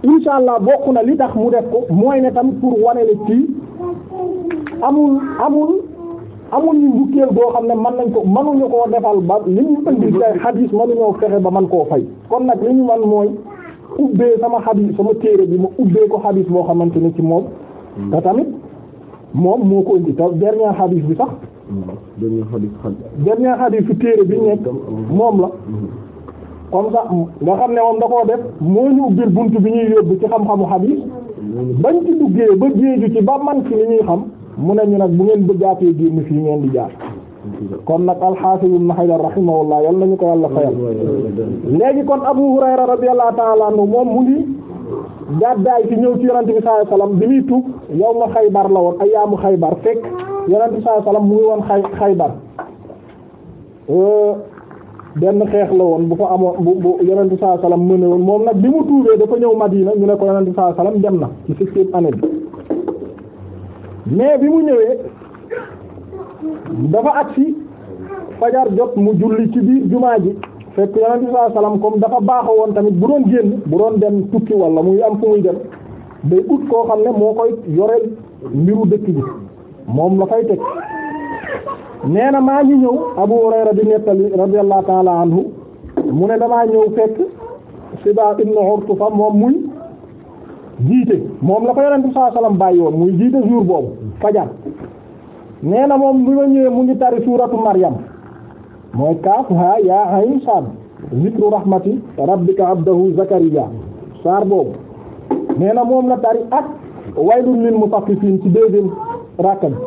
inshallah bokk na li tax mu def ko mooy ne tam pour wane le ci amul amul amul ñu njukkeel boo xam ne man nañ ko mënuñu koo defal ba li ñu indi say xadiis mënuñoo fexe ba man koo fay kon nag li ñu man mooy ubbee sama xadiis sama téere bi ma ubbee ko xadiis boo xamante ne ci moom te tamit moo ko indi te dernier xadiis bi sax téere bi nekk moom la comme mhm. ça nga xam ne moom da koo def moo ñu ubbil bunt bi ñuy yóbbu ci xam-xamu xadiis bañ ci duggee ba géeju ci ba man ci li ñuy xam mu ne ñu nag bu ngeen bëggaatee génn fii ngeen di jaar kon nag alxaafis ibn Hajar rahimahullah yal nañu ko yàlla fayal léegi kon Abu Hurayra radiyallahu ta'ala moom mu ngi gàddaay ci ñëw ci yonent bi sallallahu alayhi bi muy tuub yow ma Xaybar la woon ayyaamu Xaybar fekk yonent bi sallallahu alayhi mu ngi woon xay Xaybar euh, benn xeex la woon bu fa amoon bu bu yonent bi sallallahu alayhi wasallam mëne woon moom nag bi mu tuubee dafa ñëw Madina ñu ne ko yonent bi sallallahu alayhi na ci septième année mais bi mu ñëwee dafa agsi fajar jot mu julli ci biir jumaa ji fekk yonent saa salaam comme dafa baaxa woon tamit bu doon génn bu doon dem tukki wala muy am fu muy dem day ut koo xam ne moo koy yoreel mbiru dëkk bi moom la fay teg na maa ngi ñëw Abu Hurayra di nettali radiyallahu ta'ala anhu mu saa salaam bàyyi woon muy jiite jur boobu fajar nee na moom bi ma ñëwee mu ngi tari suuratu Maryam mooy kaaf haa yaa ayn saad zikru rahmati rabbika abdahu Zakariya saar boobu nee na moom la tari ak waylun lil mutaffifin ci deuxième rakka bi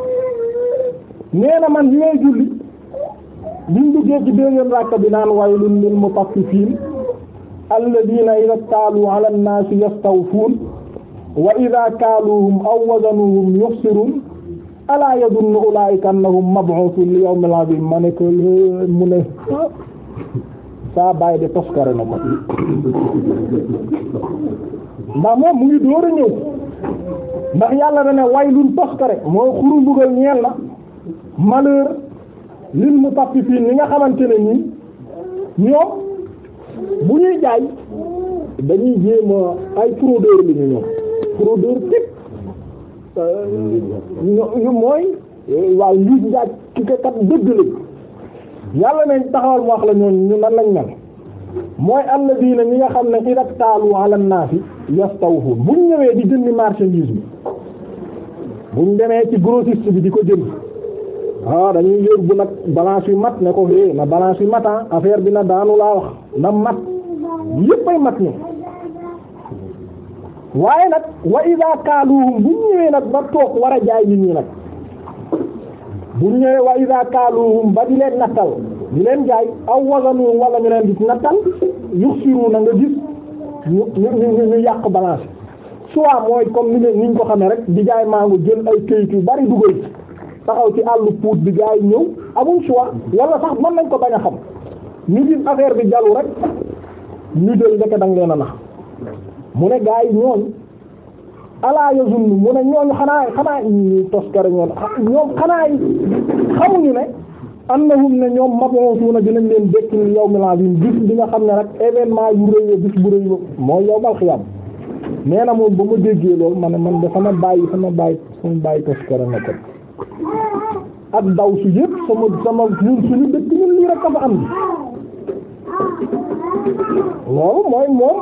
nee na man bi may julli biñ duggee ci deuxième rakka bi naan waylun lil mutaffifin alladina iza taalu ala nnaasi yastawfuun wa ida kaaluhum aw wazanuhum yuxsirun alaa yadunnu ulaa'ika annahum mab'uusun li yawmin aziim ma ne ko mu ne saa bàyyi de toskare na ko ndax moom mu ngi door a ñëw ndax yàlla na ne waylun toskare mooy xuru mbugal ñeel na malheur lil mutaffifiin li nga xamante ne nii ñoom bu ñuy jaay dañuy jéema ay fraudeur li ñu ñoom fraudeur tip ñu mooy waaw ngiis njaaj ki ko kat dëgg lañ yàlla nañ taxawal mu wax la ñoon ñu na lañ mel mooy alladina ñi nga xam ne idaa ktaalu ala naasi yastawfuun buñ ñëwee di jëndi marchandise bi buñ demee ci grossiste bi di ko jënd ah dañuy yër nag balance yu mat ne ko hé eh, na balance yu matan ah, affaire bi na daanu laa wax na mat yépp ay mat ñu waaye nag wa iza kaaluhum bu ñëwee nag ba toog war a jaay nit ñi nag bu ñëwee wa iza kaaluhum ba di leen nattal di leen jaay aw wasanu wala ñu leen di nattal yuxsiru na nga gis ñu ñu ñu yàq balance soit mooy comme ni niñ ko xamee rek di jaay mango jël ay këyit yu bari dugal taxaw ci àll puut bi gaa ñëw amul choix wala sax mën nañ ko bañ a xam ñu gis affaire bi jalu rek ñu jël ndeke dang leen a nax mu ne gaa yi ñooñ alaa yazunnu mu ne ñooñ xanaa xanaa ñuy toskare ñoon ñoom xanaa yi xamuñu ne annahum ne ñoom mab'uthuna dinañ leen dekkil yawmil azim bis bi nga xam ne rek événement yu rëy bis bu rëy mooy yawmal xiyaam nee moom ma déggee loolu man bàyyi sama bàyyi sama bàyyi toskare na a mooy moom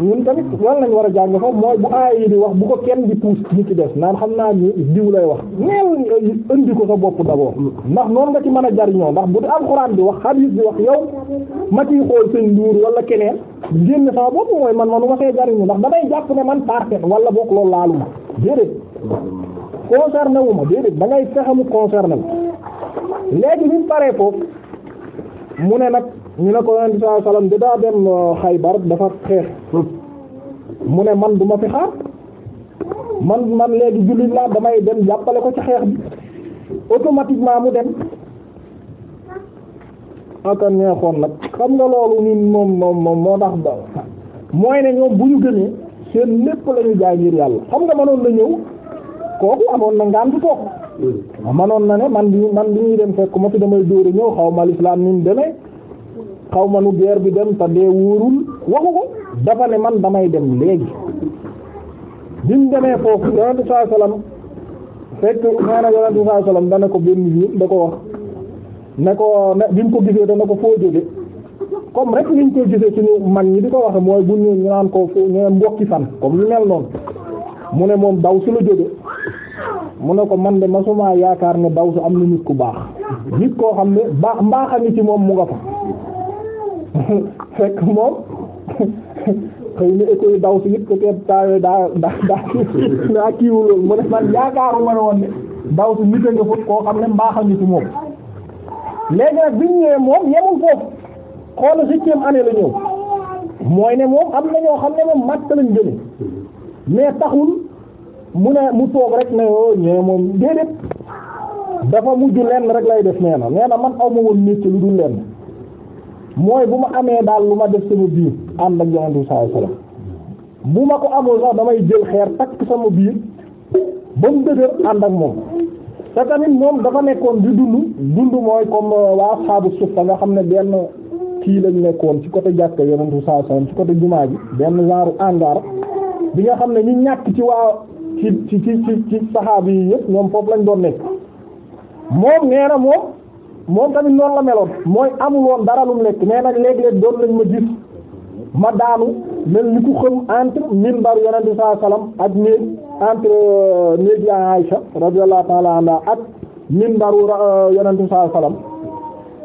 ñun tamit lan lañ war a jàng fa mooy bu aay yi di wax bu ko kenn di puus ñi ci des naan xam naa ni lay wax neel indi ko sa bopp d'abord ndax noonu nga ci mën a jariñoo ndax bu di alxuraan bi wax xadiis bi wax yow ma ciy xool seen nduur wala keneen génn sama bopp mooy man manu waxee see jariñu ndax damay jàpp ne man parfait wala bokk loolu laalu ma déedéet concerné wu ma déedéet da ngay fexe mu concerné léegi bi pare paree foofu mu ne nag ñu ne ko yonent saa salaam da daa dem euh, Xaybar dafa xeex mu ne man duma fi xaar man man léegi jullit laa damay dem jàppale ko ci xeex bi automatiquement mu dem aka neexoon nag xam nga loolu ñun moom moom moo tax ba mooy ne ñoom bu ñu gënee seen lépp la ñu jaay ngir yàlla xam nga mënoon na ñëw kooku amoon na ngànt toog hmm. manoon na ne man bi man bi ñuy dem fekk ma fi damay dóora ñëw xaw ma lislaam ni demee xaw ma nu geer bi dem te dee wóorul waxu ko dafa ne man damay dem léegi biñ demee foofu yonente bi sallallahu alayhi wasallam fekk nee na yonente bi sallallahu alayhi wasallam dana ko benn jour da ko wax na ko ne bi mu ko gisee dana ko foo jóge comme rek liñ koy gisee suñu mag ñi di ko waxe mooy bu ñu naan ko foo ñu mbokki fan comme lu mel noonu mu ne moom daw si la jóge mu ne ko man de masuma yaakaar ne daw su am na nit ku baax nit koo xam ne baax mbaax a ci moom mu nga fa fekk moom xëy na écho yi daw si it peut-être daa daa daa daa kiiwul loolu mu ne man yaakaaru ne woon ne daw si nit a nga fa koo xam ne mbaaxal ñu moom léegi nag bi ñu moom yemul foofu xoolal septième année la ñëw mooy ne moom am na ñoo xam ne moom matt lañ jële mais taxul mu ne mu toog rek ne oo ñee moom déedéet dafa mujj lenn rek lay def nee na nee na man aw ma woon métier lu dul lenn mooy bu ma amee daal lu ma def sama biir ànd ak yonent bi sallallahu alayhi bu ma ko amul sax damay jël xeer takk sama biir ba mu dëgër ànd ak moom te tamit moom dafa nekkoon di dund dund mooy comme euh, waa saabu suuf nga xam ne benn kii lañu nekkoon ci côté jàkka yonent bi sallallahu ci côté jumaa ji benn genre hangar bi nga xam ne ñu ñàkk ci waa ci ci ci ci saxaaba yi yëpp ñoom foofu lañ doon nekk moom nee na moom moom tamit noonu la meloon mooy amuloon dara lu mu lekk nee nag léeg doon lañ ma gis ma daanu mel ni ku xëm entre minbar yonent bi saa salaam ak néeg entre euh, néeg ya ak minbaru euh, yonent bi saa salaam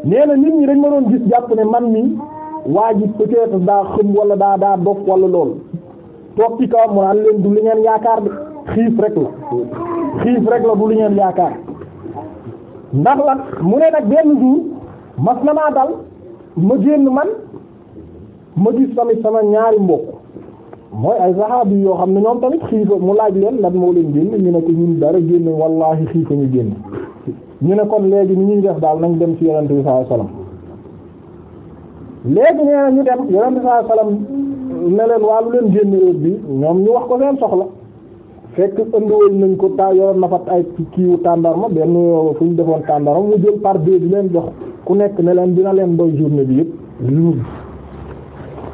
nee nit ñi dañ ma doon gis jàpp ne man mi waa ji peut-être daa xëm wala daa daa dof wala lool toog ci kawam mu naan leen du li ngeen yaakaar de xiif rek la xiif rek la du li ngeen yaakaar. ndax lan mu ne nag benn jour mas na maa dal ma génn man ma gis tamit sama ñaari mbokk mooy ay saxaabi yoo xam ne ñoom tamit xiifa mu laaj leen lan moo leen génn ñu ne ko ñun dara génn wallahi xiifa ñu génn ñu ne kon léegi ni ñuy def daal nañ dem ci yonent bi sallallahu alayhi wasallam léegi nee na ñu dem yonent bi sallallahu ne leen waa lu leen génn heure bi ñoom ñu wax ko seen soxla fekk ëndiwoon nañ ko ta yoroon na fa ay kiiwu tàndarma benn fu ñu defoon tàndarma mu jël par deux bi leen jox ku nekk ne leen dina leen doy journée bi yëpp jour bi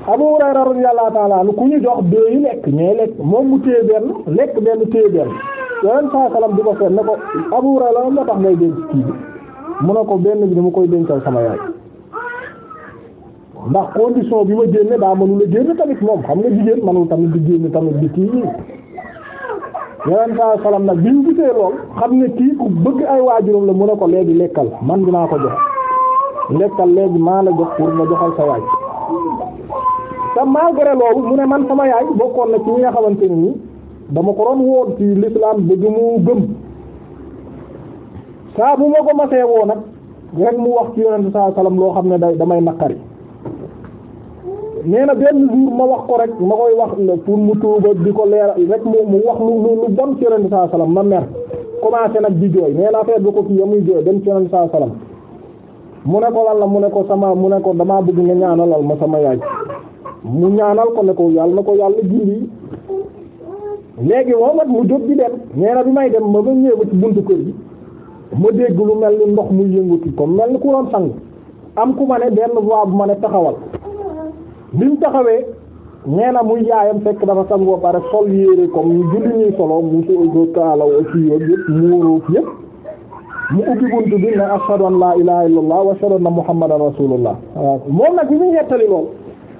Abu Hurayra radiyallahu ta'ala anhu ku ñu jox deux lekk ñooy lekk moom mu téye benn lekk benn téye benn yeneen saa kalam di ko seet ne ko Abu Hurayra lan moo tax ngay denc kii bi mu ne ko benn bi dama koy dencal sama yaay ndax condition bi ma génne daa mënula génne tamit moom xam nga jigéen mënul tamit di génne tamit yeneen saa salaam nag bi ñu gisee lool xam ne kii ku bëgg ay waajuram la mu ne ko léegi lekkal man dinaa ko jox lekkal léegi maa la jox pour nga joxal sa yaay te malgré loolu mu ne man sama yaay bokkoon na ci ñi nga xamante ne nii dama ko doon woon ci l'islam bëgg mu gëm saa bu ma ko masee woo nag rek mu wax ci yonent saa salaam loo xam ne day damay naqari nee na benn jour ma wax ko rek ma koy wax pour mu tuuba di ko leeral rek mu wax lu lu bon ci Yonent bi sallallahu alayhi wasallam ma mer commencé nag di jooy nee na bi ko kii yamuy jooy dem ci Yonent bi sallallahu mu ne ko lan la mu ne ko sama mu ne ko damaa bëgg nga ñaanalal ma sama yaay mu ñaanal ko ne ko yàlla na ko yàlla gindi léegi moom it mu jóg bi dem nee bi may dem ma ba ñëw ci buntu kër gi ma dégg lu mel ni ndox muy yëngatu ko mel ni ku doon sang am ku ma ne benn voix bu ma ne taxawal bi taxawee nee na muy yaayam fekk dafa sangoo pare sol yére comme ñu julli ñuy solo mu ko kaalaw aussi yëpp muuroo yëpp mu ubbi bunt bi ne ashhadu an la ilaha illallah wa ashhadu anna muhammadan rasulullah moom nag bi muy nettali lool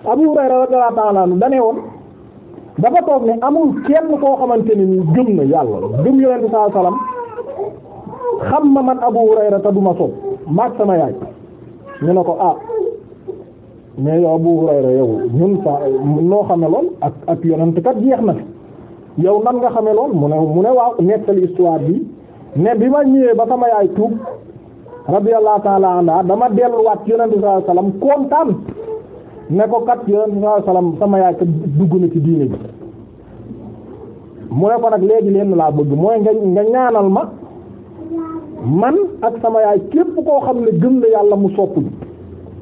Abu Hurayra radiyallahu ta'ala anhu dane dafa toog ne amul kenn koo xamante ni ñu gëm na yàlla gëm yonente saa salaam xam ma man Abu Hurayra te duma sob maag sama yaay ñu ne ko ah mais yow Abu Hurayra yow ñun sa noo xame lool ak ak yonent kat jeex na fi yow nan nga xame lool mu ne mu ne waaw nettali histoire bi ne bi ba sama yaay tuub radiyallahu dama delluwaat yonent bi sallallahu alayhi kontaan ne ko kat yonent bi sama yaay kat dugg na ci diine bi mu ne ko nag léegi lenn laa bëgg mooy nga nga ñaanal ma man ak sama yaay képp koo xam ne gëm na yàlla mu sopp bi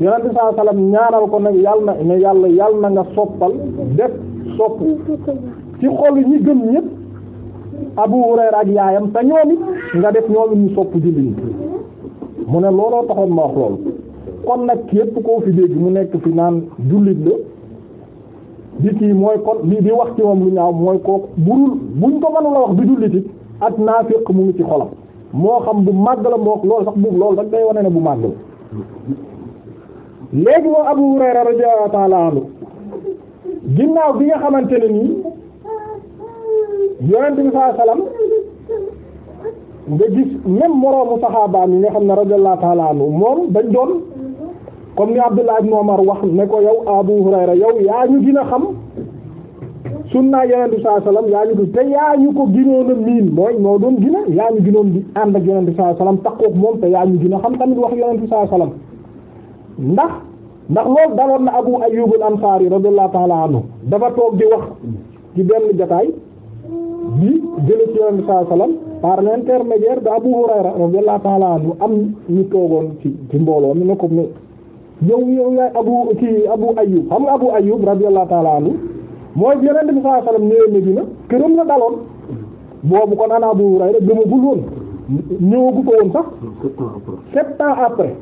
yonente saa salaam ñaanal ko nag yàlla na ne yàlla yàlla na nga soppal def sopp ci xolu ñi gëm ñépp Abu Hurayra ak yaayam te ñoom it nga def ñoom ñu sopp jullit mu ne looloo taxoon ma wax loolu kon nag képp koo fi dégg mu nekk fi naan jullit la di kii mooy kon li di wax ci moom lu ñaaw mooy kooku burul buñ ko mënula wax du jullit it ak naafiq mu ngi ci xolam moo xam bu màgg la moo loolu sax bu loolu rek day wane ne bu màgg la léegi moom Abu Hurayra radiyallahu ginnaaw bi nga xamante ne nii yonent bi saa salaam nga gis même moroomu saxaabaam yi nga xam ne radiyallahu ta'ala anhu moom dañ doon comme ni Abdullah ibn Umar wax ne ko yow Abu Hurayra yow yaa ñu gën a xam sunna yonent bi saa salaam yaa ñu te yaa ñu ko gënoon a miin mooy moo doon gën a yaa ñu gënoon di ànd ak yonent bi saa salaam takkook moom te yaa ñu gën a xam tamit wax yonent bi saa salaam. ndax ndax loolu daloon na Abu Ayyub al-Ansari radiyallahu ta'ala anhu dafa toog di wax ci benn jotaay bi jële ci Yonent sallallahu alayhi par l'intermédiaire de Abu Hurayra radiyallahu ta'ala anhu am ñu toogoon ci mbooloo mi ne ko ne yow yow yaay Abu ci Abu Ayyub xam nga Abu Ayyub radiyallahu ta'ala anhu mooy Yonent bi sallallahu alayhi wasallam ñëwee Medina këram la daloon boobu kon ana Abu Hurayra gëmagul woon ñëwagu ko woon sax sept ans après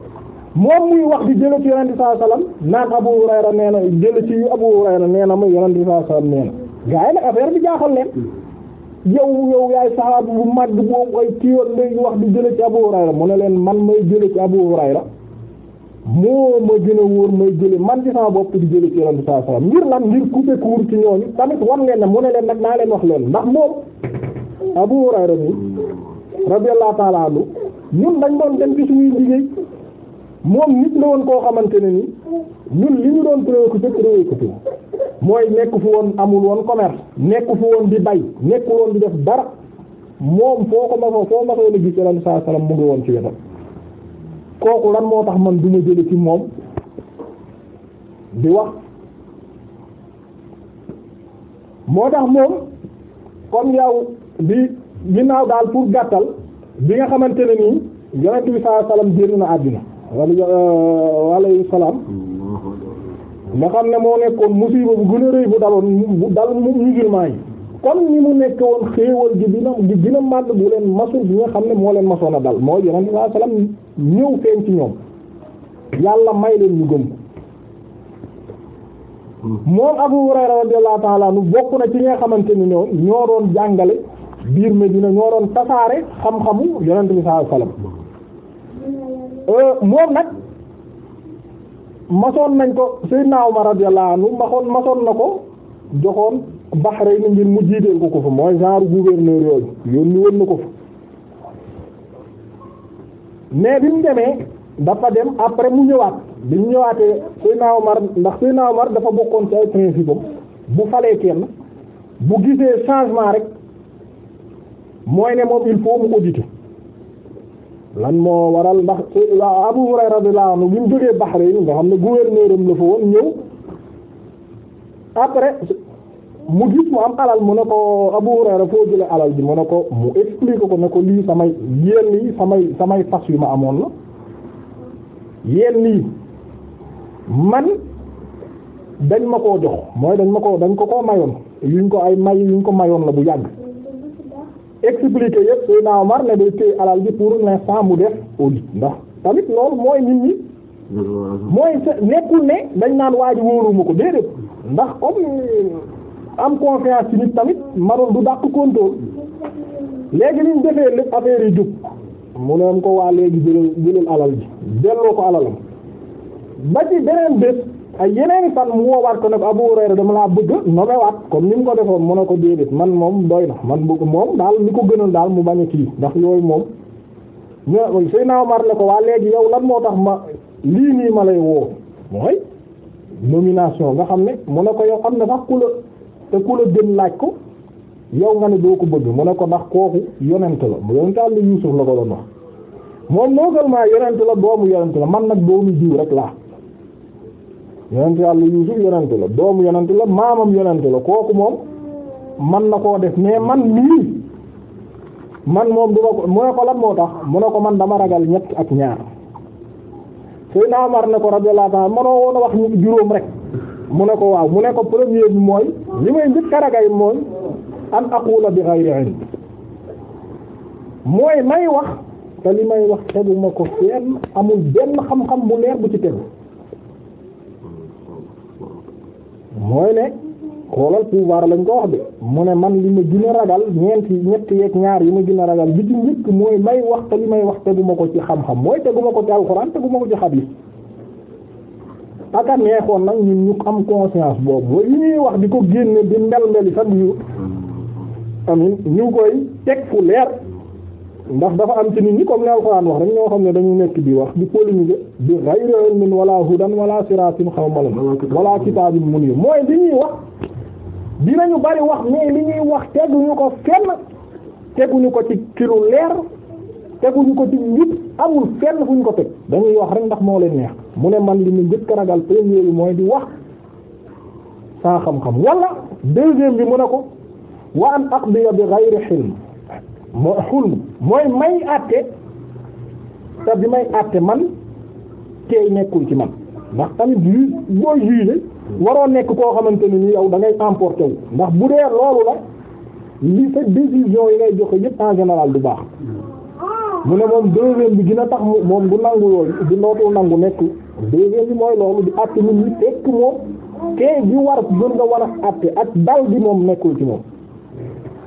moom muy wax di jële ci yonent bi naan Abu Hurayra nee na jële ci Abu Hurayra nee na muy yonent bi sallallahu alayhi wasallam nee na gaa yi nag affaire bi jaaxal leen yow yow yaay saxaaba bu màgg boobu ay kiiwoon léegi wax di jële ci Abu Hurayra mu ne leen man may jële ci Abu Hurayra moo ma gën a wóor may jële man ci sama bopp di jële ci yonent bi sallallahu alayhi ngir lan ngir couper court ci ñooñu tamit wan leen ne mu ne leen nag naa leen wax leen ndax moom Abu Hurayra bi radiyallahu ta'ala anhu moom nit la woon koo xamante ne ni ñun li ñu doon préoccupé préoccupé mooy nekk fu woon amul woon commerce nekk fu woon di bay nekk woon di def dara moom foo ko mosoo foo mosoon a gis yàlla saa mu ngi woon ci wetam kooku lan moo tax man du ma jële ci moom di wax moo tax moom comme yaw di ginnaaw daal pour gàttal bi nga xamante ne nii yonent bi saa salaam na àddina. alayhi eh, salaam nga xam ne moo nekkoon musiba bu gën a rëy bu daloon bu dal musulman yi comme ni mu nekk woon xéewal gi dina gi dina màgg bu leen masul bi nga xam ne moo leen masoon a dal mooy yonent bi sallam ñëw feeñ ci ñoom yàlla may leen ñu gëm ko moom Abu Hurayra radiyallahu ta'ala nu bokk na ci nga xamante ni ñoo ñoo doon jàngale biir Medina ñoo doon tasaare xam-xamu yonent bi sallam Euh, moom nag masoon nañ ko Seydina Umar laa anhu maxoon masoon na ko joxoon Bahrayn ngir mu jiiteel ko ko fa mooy genre gouverneur yooyu yónni woon na ko fa mais bi mu demee dafa dem après mu ñëwaat bi mu ñëwaatee Seydina Umar ndax Seydina Umar dafa bokkoon ci ay principe bu falee kenn bu gisee changement rek mooy ne moom il faut mu auditer lan moo waral ndax Abu Hurayra radiyallahu bi mu nga xam ne gouverneur am la fa woon ñëw après mu gis mu am alal mu ne ko Abu Hurayra foo jële alal bi mu ne ko mu explique ko ne ko lii samay yenn yi samay samay fas yu ma amoon la yenn yi man dañ ma koo jox mooy dañ ma ko dañ ko koo mayoon yuñ ko ay may yuñ ko mayoon la bu yàgg expliqué yëpp Seydina Omar ne day téye alal ji pour l'instant mu def audit ndax tamit loolu mooy nit ñi mooy nekkul ne dañ naan waa ji wóoruma ko déedéet ndax comme am confiance ci nit tamit maroon du dàq contrôle léegi liñ defee lépp affaire yi jub mu ne ko waa léegi jëlal jëlal alal ji delloo ko alalam ba ci beneen bés ay yeneen i fan mu woowaat ko ne ko Abu dama laa bëgg nomewaat comme ni mu ko defoon mu ne ko déedéet man moom doy na man bëgg moom daal ni ko gënal daal mu bañ a kii ndax yooyu moom ño Seydina Omar ne ko waa léegi yow lan moo tax ma lii nii ma lay woo mooy nomination nga xam ne mu ne ko yow xam ne sax ku la te ku la gën laaj ko yow nga ne doo ko bëgg mu ne ko ndax kooku yonent la yonent Yàlla Yuusuf la ko doon moom non seulement yonent la doomu yonent la man nag doomu jiw rek yonent yàlla Yuusuf yonent la doomu yonent la maamam yonent la kooku moom man na koo def mais man mii man moom duma ko mu ne ko lan moo tax mu ne ko man dama ragal ñett ak ñaar Seydina Omar ne ko radiyallahu manoo woon a wax juróom rek mu ne ko waaw mu ne ko premier bi mooy li may njëkk a ragal mooy an aqula bi ghayri ilm mooy may wax te li may wax teguma ko fenn amul benn xam-xam bu leer bu ci tegu mooy ne xoolal pouvoir lañ ko wax de mu ne man li ma gën a ragal ñeenti ñetti yeeg ñaar yi ma gën ragal bi ci njëkk mooy may wax te li may wax teguma ko ci xam-xam mooy teguma ko ci alxuraan teguma ko ci xadiis aka neexoon nag ñu ñu am conscience boobu mooy li ñuy wax di ko génne di mel meli sax yu amin ñu koy teg fu leer ndax dafa am ci nit ñi comme li alxuraan wax rek ñoo xam ne dañu nekk di wax di polémique bi ghayri ilmin wala hudan wala siratin xaw ma la wala kitaabin munir mooy li ñuy wax dinañu bari wax mais li ñuy wax teguñu ko fenn teguñu ko ci kilo lu leer teguñu ko ci njub amul fenn fuñ ko teg dañuy wax rek ndax moo leen neex mu ne man li ñu njëkk ragal premier bi mooy di wax saa xam-xam wala deuxième bi mu ne ko waa an aqdiya bi ghayri hilm mo mooy may àtte te bi may àtte man tey nekkul ci man ndax tamit ju booy juge waroo nekk koo xamante ne ni yow da ngay emporté wu ndax bu dee loolu la li sa décision yi ngay joxe yëpp en général du baax mu ne moom deuxième bi gin a tax moom du nangu loolu du nootul nangu nekk deuxième bi mooy loolu di àtte nit ñi fekk moom tey bi war gën nga war a ak dal bi moom nekkul ci moom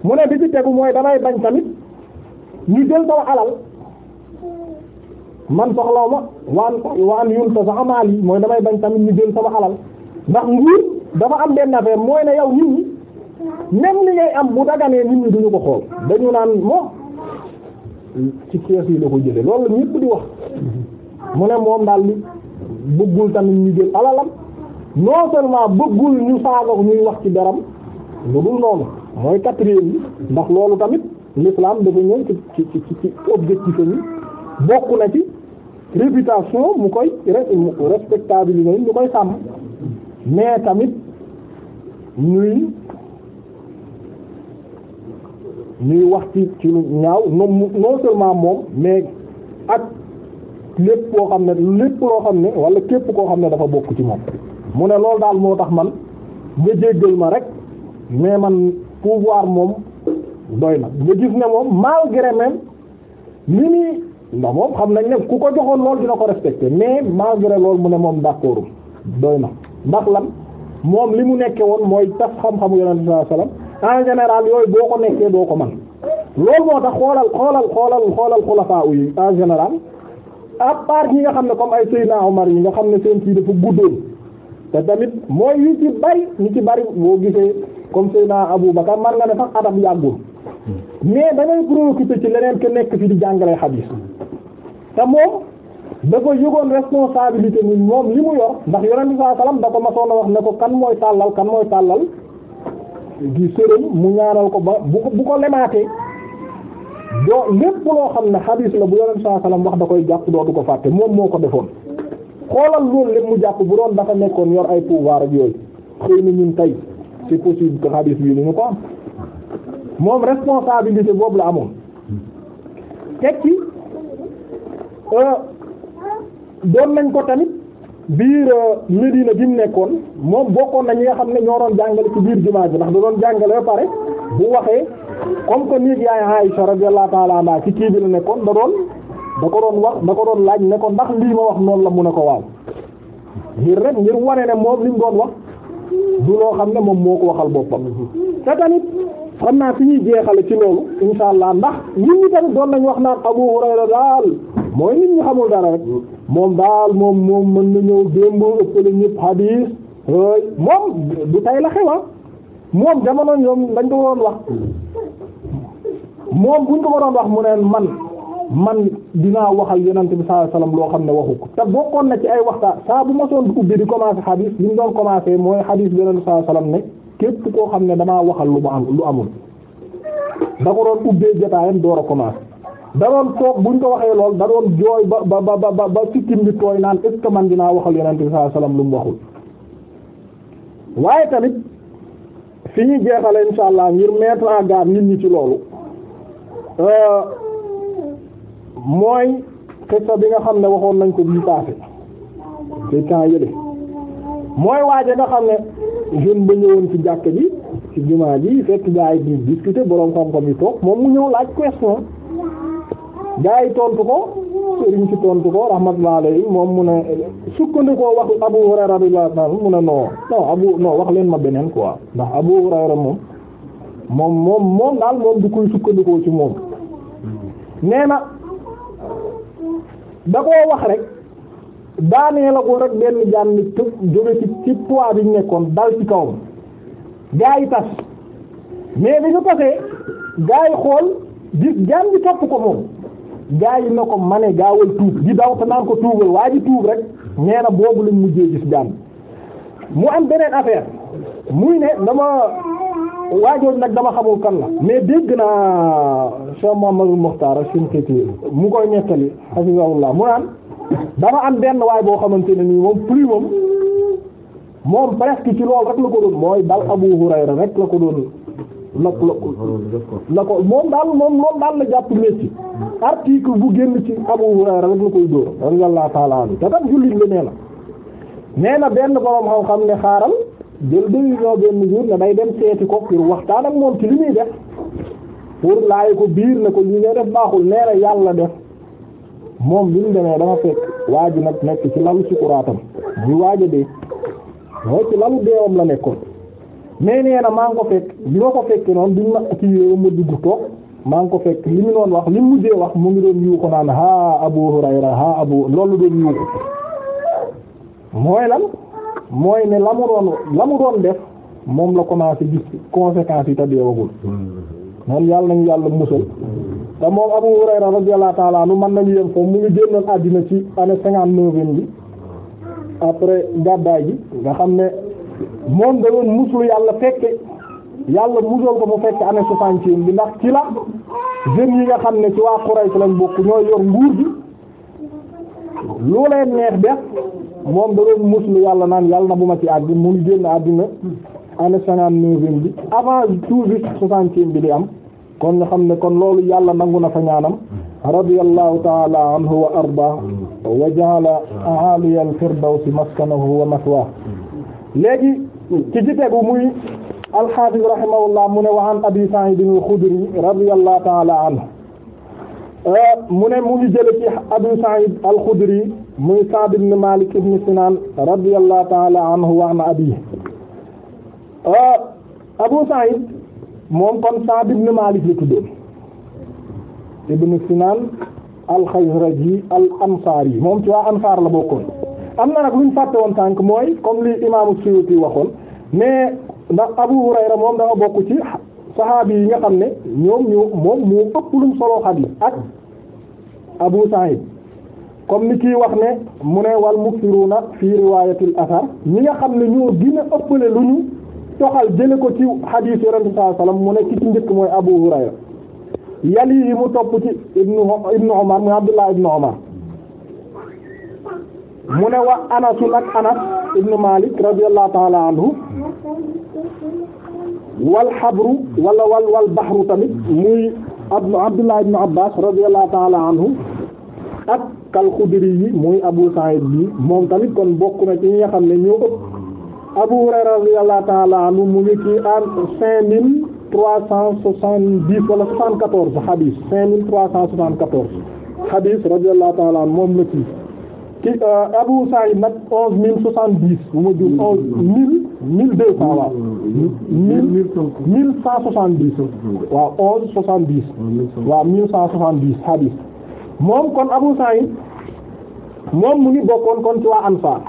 mu ne bi ci tegu mooy damay bañ tamit. ñu del sama alal man soxlaw ma waan waan yun ta sax amaal yi mooy damay bañ tamit ñu jël sama alal ndax nguur dafa am benn affaire mooy na yow nit ñi même ni ngay am bu daganee nit ñi duñu ko xool dañu naan moom ci kees yi la ko jële loolu la ñépp di wax mu ne moom daal li bëggul tamit ñu jël alalam non seulement bëggul ñu saaga ko ñuy wax ci daram lu dul noonu mooy quatrième bi ndax loolu tamit l'islam dafa ñëw ci ci ci objectif yi bokk na ci réputation mu koy respectabilité yi ñu koy sàmm mais tamit ñuy ñuy wax ci ci lu ñaaw non non seulement moom mais ak lépp koo xam ne lépp loo xam ne wala képp koo xam ne dafa bokk ci moom mu ne loolu daal moo tax man nga jéggal ma rek mais man pouvoir moom doy na nga gis ne moom malgré même li nii ndax moom xam nañ ne ku ko joxoon lool dina ko respecté mais malgré loolu mu ne moom d'accord um, doy na ndax lan moom li mu nekke woon mooy tas xam-xamu yonent bi sallallahu alayhi wasallam en général yooyu boo ko nekkee doo ko man loolu moo tax xoolal xoolal xoolal xoolal xulafaa yi en général à part ñi nga xam ne comme ay Seydina Omar yi nga xam ne seen kii dafa guddoon te tamit mooy yu ci bari ñu ci bari boo gisee comme Seydina Abou Bakar man nga ne sax atam yàggul mais da ngay préoccupé ci leneen que nekk fi di jàngale xadiis te moom dafa yëgoon responsabilité ni moom li mu yor ndax yonent bi sallallahu alayhi wasallam da ko masoon a wax ne ko kan mooy tàllal kan mooy tàllal di sërëm mu ñaaral ko ba bu ko bu ko lemaatee doo lépp loo xam ne xadiis la bu yonent bi sallallahu wax da koy jàpp dootu ko fàtte moom moo ko defoon xoolal loolu lépp mu jàpp bu doon dafa nekkoon yor ay pouvoir ak yooyu xëy na ñun tey c'est possible que xadiis bi ni ñu ko moom responsabilité boobu la amoon teg ci euh, doon nañ ko tamit biir euh, Medina bi mu nekkoon moom bokkoon na ñi nga xam ne ñoo doon jàngale ci biir jumaa bi ndax da doon jàngale ba pare bu waxee comme que nii yaay Aisha radiyallahu ta'ala anha ci kii bi la nekkoon da doon da ko doon wax da ko doon laaj ne ko ndax lii ma wax noonu la mu ne ko waaw ngir rek ngir wane ne moom li doon wax du loo xam ne moom moo ko waxal boppam mm-hmm. te tamit. xam naa fi ñuy jeexale ci loolu insha allah ndax nit ñi tamit doon nañ wax naan Abu Hurayra daal mooy nit ñi xamul dara rek moom daal moom moom mën na ñëw démb ëppale ñëpp xadiis moom du tay la xewa ah. moom jamono ñoom dañ ko waroon wax moom buñ ko waroon wax mu neen man man dinaa waxal yonent bi sallallahu alayhi wasallam loo xam ne waxu ko te bokkoon na ci ay waxtaan saa bu ma soon ubbi di commencer xadiis li mu doon commencer mooy xadiis yonent bi sallallahu alayhi képp koo xam ne damaa waxal lu mu amul da ko doon ubbee jotaayam door a commencé da doon toog buñ ko waxee lool da doon jooy ba ba ba ba ba bi tooy naan est ce man dinaa waxal yonent bi sallallahu lu mu waxul waaye tamit fi ñu jeexale insha ngir mettre en garde nit ñi ci loolu euh, mooy xissa bi nga xam ne waxoon nañ ko bii passé mooy waaje nga xam ne jeune ba ñëwoon ci jàkk ji ci jumaa ji fekk gaa yi di discuter boroom xam-xam yi toog moom mu ñëw laaj question gaa yi tontu ko sëriñ si tontu ko rahmatullah alayhi moom mu a sukkandikoo wax Abu Hurayra radiyallahu anhu mu ne non non Abu non wax leen ma beneen quoi ndax Abu Hurayra moom moom moom moom daal moom du koy sukkandikoo ci moom hmm. nee na da koo wax rek. daanee la ko rek benn jànni tëb jóge ci ci poids bi nekkoon dal ci kawam gaa yi tas mais bi ñu gaa yi xool gis jaan bi topp ko moom gaa yi na ko mane gaawal tuub di daw te naan ko tuubal waa ji tuub rek nee na boobu lañ mujjee gis jaan mu am beneen affaire muy ne dama waajoon nag dama xamul kan la mais dégg naa Cheikh Mouhamadou Mokhtar ak mu koy nettali hafizahullah mu naan dama am benn waay boo xamante ne nii moom prix moom moom presque ci loolu rek la ko doon mooy dal Abu Hurayra rek la ko doon la ko la ko moom daal moom moom daal la jàpp métti article bu génn ci Abu Hurayra rek la koy dóor radiyallahu ta'ala anhu te tam jullit la nee na nee benn boroom xam-xam ne xaaral jël décision benn jour ne day dem seeti ko pour waxtaan ak moom ci li muy def pour laay ko biir na ko li ngay def baaxul nee na yàlla def moom bi mu demee dafa fekk waa ji nag nekk ci lalu sukuraatam muy waaj a dee mooy ci lalu deewam la nekkoon mais nee na maa ngi ko fekk ko fekkee noonu bi ma ci ma dugg toog maa ngi ko fekk li mu doon wax li mu mujjee wax mu ngi doon yuuxu naan ha Abu Hurayra ha Abu loolu doon yuuxu mooy lan mooy ne la mu doon la mu doon def moom la commencé gis conséquences yi te deewagul hmm. noonu yàlla nañu yàlla musal da moom Abu Hurayra radiyallahu ta'ala anhu mën nañu yem foofu mu ngi génnoon àddina ci année cinquante-neuvième bi après gàddaay gi nga xam ne moom da doon muslu yàlla fekke yàlla musal ko mu fekk année soixantième bi ndax kila la yi nga xam ne ci waa Quraysh lañ bokk ñooy yor nguur gi lu neex def moom da doon muslu yàlla naan yàlla na bu ma ci àddi mu ngi génn àddina année cinquante-neuvième bi avant tout juste soixantième bi di am kon nga xam ne kon loolu yàlla nangu na fa ñaanam radiyallahu taala anhu wa arda wa ja'ala a'ali al-firdawsi maskanahu wa maswaa léegi ci ci tegu muy al-hafiz rahimahullah mu ne wa an abi sa'id al-khudri radiyallahu taala anhu mu ne mu ngi jële ci abu sa'id al-khudri muy sa'd ibn malik ibn sinan radiyallahu taala anhu wa an abi abu sa'id moom kon Sa'd ibn Malik la tuddoon ibn Sinan al-Khazraji moom ci waa Ansaar la bokkoon am na nag lu ñu fàtte woon tànk mooy comme li imaamu Suyuti waxoon mais ndax Abu Hurayra moom dafa bokk ci saxaabi yi nga xam ne ñoom ñoo moom moo ëpp lu mu solo xadiis ak Abu Sa'id comme ni kii wax ne mu ne wal muksiruna fi riwayatil athar ñi nga xam ne ñoo gën a ëppale lu ñu toxal jële ko ci xadiis yonente sallallahu alayhi wasallam mu ne ki ci njëkk mooy Abu Hurayra yal yi mu topp ci ibnu ibnu Umar mu ne wa Anasu nag Anas ibnu Malik radiyallahu ta'ala anhu wal xabru wala wal wal tamit muy Abdullah ibnu Abbas radiyallahu ta'ala anhu ak kal Xudri muy Abu Sa'id bi moom tamit kon bokk na ci ñi nga ne ñoo ëpp Abu Hurayra radiyallahu ta'ala anhu mu moom la ki euh, Abu Sa'id nag onze mille soixante-dix bu ma jur onze mille mille deux cent waaw mille mille cent moom moom bokkoon kon ci waa Ansaar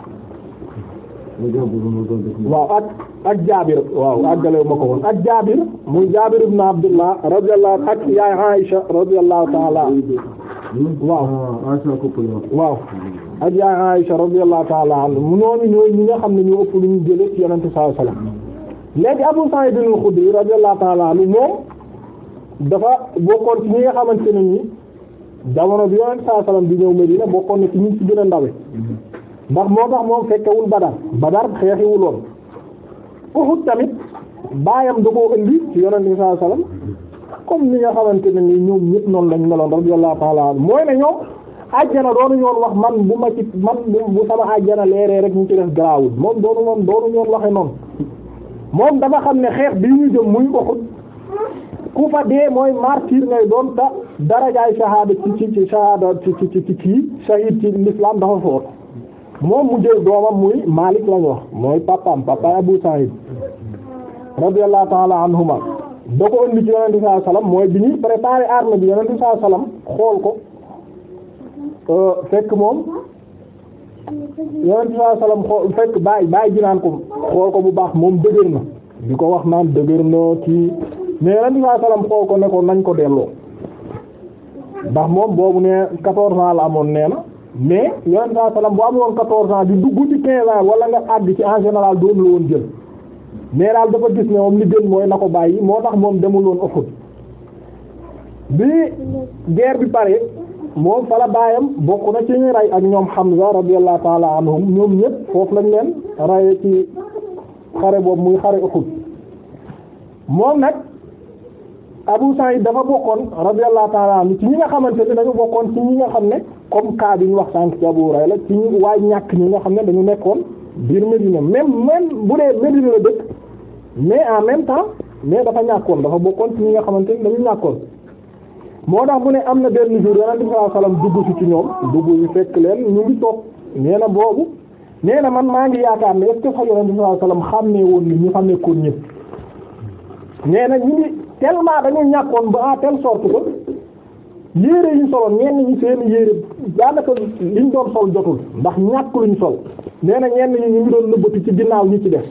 waaw ak ak jaabir waaw àggale ma ko woon ak jaabir muy jaabir ibn abdullah radiyallahu ak yaay aisha radiyallahu ta'ala waaw ah, waaw ak yaay aisha radiyallahu ta'ala anha mu noonu ñooy ñi nga xam ne ñoo ëpp lu ñu jële ci yonente sallallahu alayhi wasallam léegi abu sa'id al-khudri radiyallahu ta'ala anhu moom dafa bokkoon ci ñi nga xamante ne ni jamono bi yonente sallallahu alayhi wasallam di ñëw Medina bokkoon na ci ñu ci ndax moo tax moom fekkewul Badar Badar xeexiwul woon Uhud tamit baayam da koo indi ci yonent bi sallallahu alayhi wasallam comme ni nga xamante ne ni ñoom ñëpp noonu lañ meloon radiyallahu ta'ala mooy ne ñoom àjjana doonu ñoon wax man bu ma ci man bu sama àjjana leeree rek ñu ci def garaawul moom doonu moom doonu ñoon waxe noonu moom dafa xam ne xeex bi ñu jëm muy Uhud ku fa dee mooy martyr ngay doon ta darajaay shahada ci ci ci shahada ci ci ci ci shahid dafa foot moom mu jël doomam muy Malik lañ wax mooy papaam papa Abu Sa'id radiyallahu ta'ala anhuma da ko indi ci yonente saa sallam mooy bi ñuy préparé arme bi yonente saa sallam xool ko euh, fekk moom yonente saa sallam xool fekk bàyyi bàyyi ji naan ko xool ko bu baax moom dëgër na di ko wax naan dëgër na ci mais yonente saa sallam xool ko ne nañ ko delloo ndax moom boobu ne quatorze ans la amoon nee na mais yonent saa salaam bu amoon quatorze ans di dugg ci quinze ans wala nga àgg ci en général doon la woon jël mais daal dafa gis ne moom li gën mooy na ko bàyyi moo tax moom demul woon Uhud bi guerre bi pare moom fala baayam bokk na ci ñu rey ak ñoom Hamza radiyallahu ta'ala anhum ñoom ñëpp foofu lañ leen reye ci xare boobu muy xare Uhud moom nag Abu Sa'id dafa bokkoon radiyallahu ta'ala anhu ci ñi nga xamante ne dañu bokkoon ci ñi nga xam ne comme cas bi ñu wax sànq ci Abu Hurayra ci ñi waay ñàkk ñi nga xam ne dañu nekkoon biir Medina même même bu dee Medina la dëkk mais en même temps mais dafa ñàkkoon dafa bokkoon ci ñi nga xamante ne dañu ñàkkoon. moo tax bu ne am na benn jour yonent bi sallallahu alayhi wasallam dugg si ci ñoom dugg yi fekk leen ñu ngi toog nee na boobu nee na man maa ngi yaakaar ne est-ce que sax yonent bi sallallahu alayhi woon ni ñu xam tellement dañuy ñàkkoon ba en telle sorte que yére yi soloon ñenn ñi seen yére daanaka liñ doon sol jotul ndax ñàkk luñ sol nee na ñenn ñi ñu ngi doon nëbbatu ci ginnaaw ñi ci def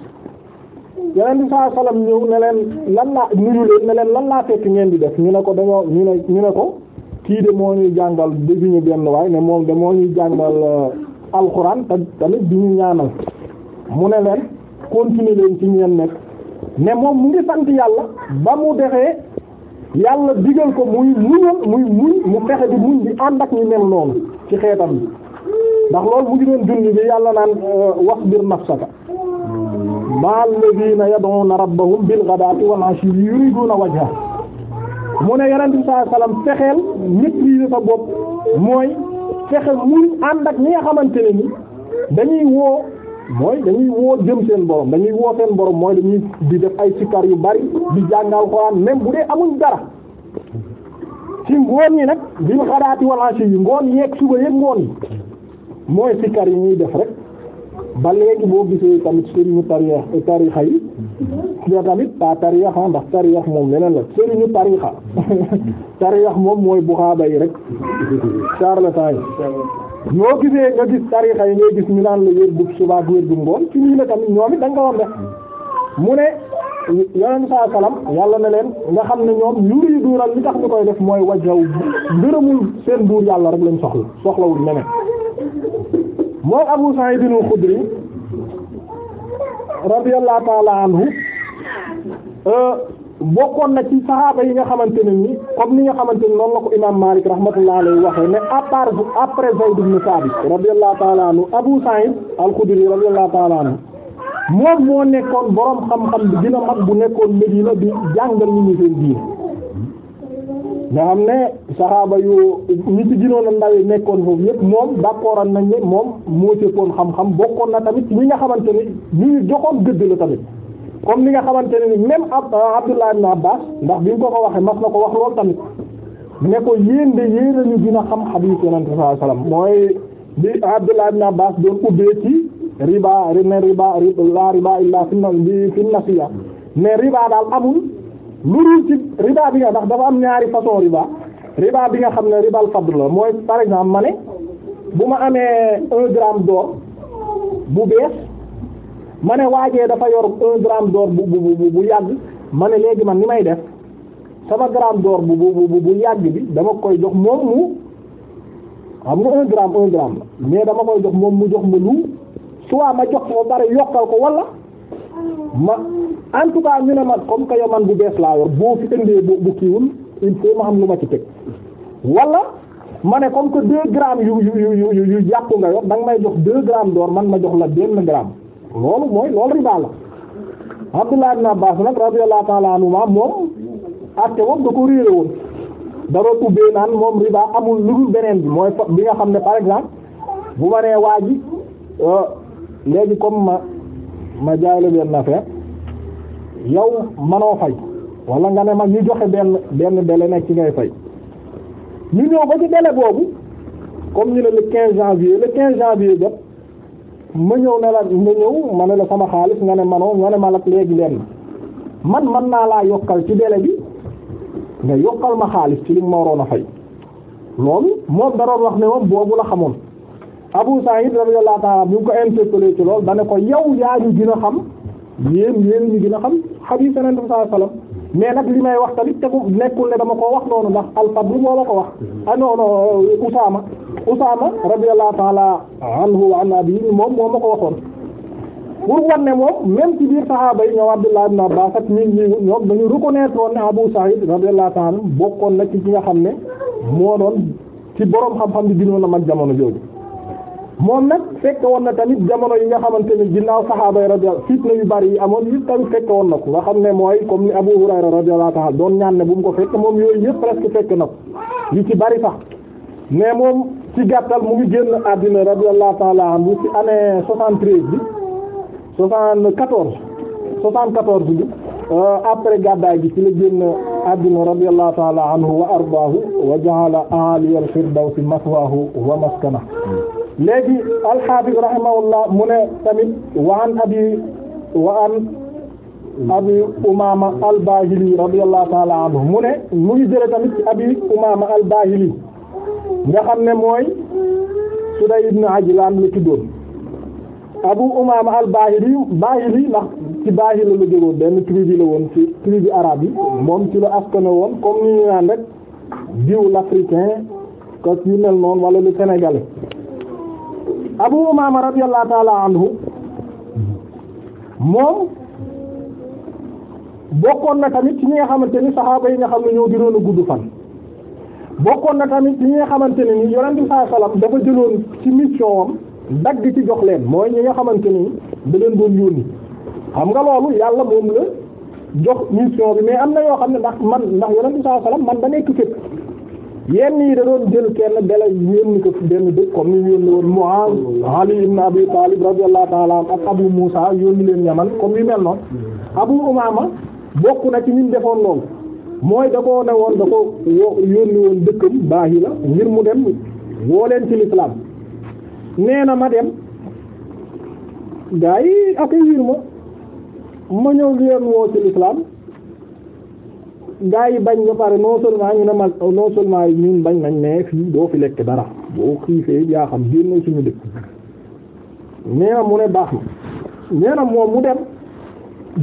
yeneen bi saa salam ñëw ne leen lan laa nuyu leen lan laa fekk ngeen di def ñu ne ko dañoo ñu ne ñu ne ko kii de moo ñuy jàngal désigné benn waay ne moom de moo ñuy jàngal euh, alxuraan te tamit di ñu ñaanal mu ne leen continuer leen ci ngeen nekk ne moom mu ngi sant yàlla ba mu defee yàlla digal ko muy muñal muy muñ mu fexe di muñ di ànd ak ñu mel noonu ci xeetam bi ndax loolu mu ngi doon dund bi yàlla naan euh, wasbir nafsaka ma'al ladina yad'una rabbahum bil ghadati wal ashi yuriduna wajha mu ne yonent bi sallallahu alayhi wasallam fexeel maîtriser sa bopp mooy fexe muy ànd ak ñi nga xamante ne ni dañuy woo mooy dañuy woo jëm seen borom dañuy woo seen borom mooy dañuy di def ay sikkar yu bari di jàngal xoraan même bu dee amuñ dara ci ngoon yi nag bil xadaati walaasi yi ngoon yeeg suba yëpp ngoon yi mooy sikkar yi ñuy def rek ba léegi boo gisee tamit sëriñu tarixa tarixa yi da tamit pas tarixa ndax tarixa moom leneen la sëriñu tarixa tarixa moom mooy buxaaba yi rek charlatan yi ñoo gisee nga gis tarixa yi ngay gis ñu naan la wér gu subaa ak wér gu ngoon ci nii la tamit ñoom it da nga ko war def mu ne yeneen saa salam yàlla na leen nga xam ne ñoom yuri duural li tax ñu koy def mooy wajaw ngërëmul seen buur yàlla rek lañ soxla soxlawul neneen mooy Abu Sa'id al-Khudri radiyallahu ta'ala anhu euh, bokkoon na ci saxaaba yi nga xamante ne nii comme ni nga xamante ni noonu la ko imaam Maalik rahmatullah alayhi waxee ne à part après Zayd ibn Thabit radiyallahu ta'ala anhu Abu Sa'id al-Khudri radiyallahu ta'ala anhu moom moo nekkoon boroom xam-xam dina mag bu nekkoon Medina di jàngal nit ñi seen diine nga xam ne saxaaba yu ñi ci gënoon a nekkoon foofu yëpp moom d'accord nañ moom moo sëppoon xam-xam bokkoon na tamit ñi nga xamante ni ñu joxoon gëdd la tamit comme ni nga xamante ne ni même euh, Abdullah ibn Abbas ndax bi ñu ko ko waxee mas na ko wax lool tamit ne ko yéen de yéen a ñu dina xam xadiis Yonent sallallahu alayhi wasallam mooy bi Abdullah ibn Abbas doon ubbee ci riba ne riba la riba illa fi bi fi nasiya mais riba daal amul lu dul ci riba bi nga ndax dafa am ñaari façon riba riba bi nga xam ne ribal fadl la mooy par exemple ma ne bu ma amee un gramme d'or bu bees ma ne waajee dafa yor un gramme d'or bu bu bu bu yàgg ma ne léegi man ni may def sama gramme door bu bu bu bu yàgg bi dama koy jox moom mu xam na un gramme un gramme la mais dama koy jox moom mu jox ma lu soit ma jox ko ba ko wala ma en tout cas ñu comme que yow man bu bees laa yor boo fi indee bu bu kiiwul il ma am lu ma ci teg wala ma ne comme que deux grammes yu yu yu yu yu nga yor da nga may jox deux grammes door man ma jox la benn gramme. loolu mooy loolu riba la Abdullah na Abbas nag radiyallahu ta'ala anhuma moom atte moom da ko réere woon da doon ubbee moom riba amul lu beneen bi mooy bi nga xam ne par exemple bu ma nee waa ji euh, léegi comme ma ma jaay la benn affaire yow manoo fay wala nga ne ma ñu joxe benn benn délai nekk ci ngay fay ñu ñëw ba ci délai boobu comme ñu ne le 15 janvier le 15 janvier jot. ma ñëw ne la ma ñëw ma ne la sama xaalis nga ne manoo nga ne ma la léegi lenn man man naa laa yokkal ci délai bi nga yokkal ma xaalis ci li ma waroon a fay loolu moom daroon wax ne moom boobu la xamoon Abu Sa'id radiyallahu ta'ala bu ko interpellé ci loolu da ne ko yaw yaa ñu gën a xam yéen yéen yu gën a xam xadiis Yonent bi sallallahu saa wasallam mais nag li may wax tamit te bu nekkul ne dama ko wax noonu ndax alfadlu moo la ko wax ah non non Usaama Usaama radiyallahu ta'ala anhu wa an abi moom moo ma ko waxoon pour wan ne moom même ci biir saxaaba yi ñoom Abdullah ibn Abbas ak ñun ñi ñoom dañu na ci nga xam ne moo doon ci boroom xam-xam bi gënoon a mag jamono jooju moom nag fekke woon na tamit jamono yi nga xamante ne ginnaaw saxaaba yi radiyallahu fitna yu bari yi amoon yëpp tamit fekke woon na ko nga xam ne mooy comme ni Abu Hurayra radiyallahu ta'ala doon ñaan ne bu mu ko fekk moom yooyu yëpp presque fekk na ko yu ci bari sax mais moom ci gàttal mu ngi génn àddina radiyallahu la anhu ci année soixante-treize bi soixante-quatorze soixante-quatorze bi euh, après gàddaay gi ci la génn àddina radiyallahu ta'ala anhu wa ardaahu wa ja'ala wa maskanahu léegi alxaafis rahimahullah mu ne tamit wa an abi wa an abi umama albahili radiyallahu ta'ala anhu mu ne mu ngi jële tamit ci abi umama albahili nga xam ne mooy suday ibn ajlan la tuddoon abu umama albahili bahili ndax ci bahili la jógoon benn tribu woon ci tribu arabe yi moom ci la askano woon comme ni ñu naan rek diw l'africain ko ci mel noonu wala le sénégalais Abu Umaama radiyallahu ta'ala anhu moom bokkoon na tamit ci ñi nga xamante ni saxaaba yi nga xam ne ñoo gënoon a gudd fan bokkoon na tamit ci ñi nga xamante ne ni yonent bi sallallahu alayhi wasallam dafa jëloon ci mission am dagg ci jox leen mooy ñi nga xamante ni da leen doon yónni xam nga loolu yàlla moom la jox mission bi mais am na yoo xam ne ndax man ndax yonent bi sallallahu alayhi man da nekk fépp yenn yi da doon jël kenn dala yónni ko benn dëkk comme ni yónni woon Muaz bokk na ci ñun defoon loolu mooy da koo ne woon da ko yónni woon dëkkam baahi ngir mu dem woo leen ci l'islam nee na ma dem gaa yi ak wiir ma ma ñëw leen woo ci l'islam gaa yi bañ ba pare non seulement ñu ne ma non seulement bañ nañ ne fii doo fi lekk dara boo xiifee yaa xam génn suñu dëkk nee mu ne baax na nee na moom mu dem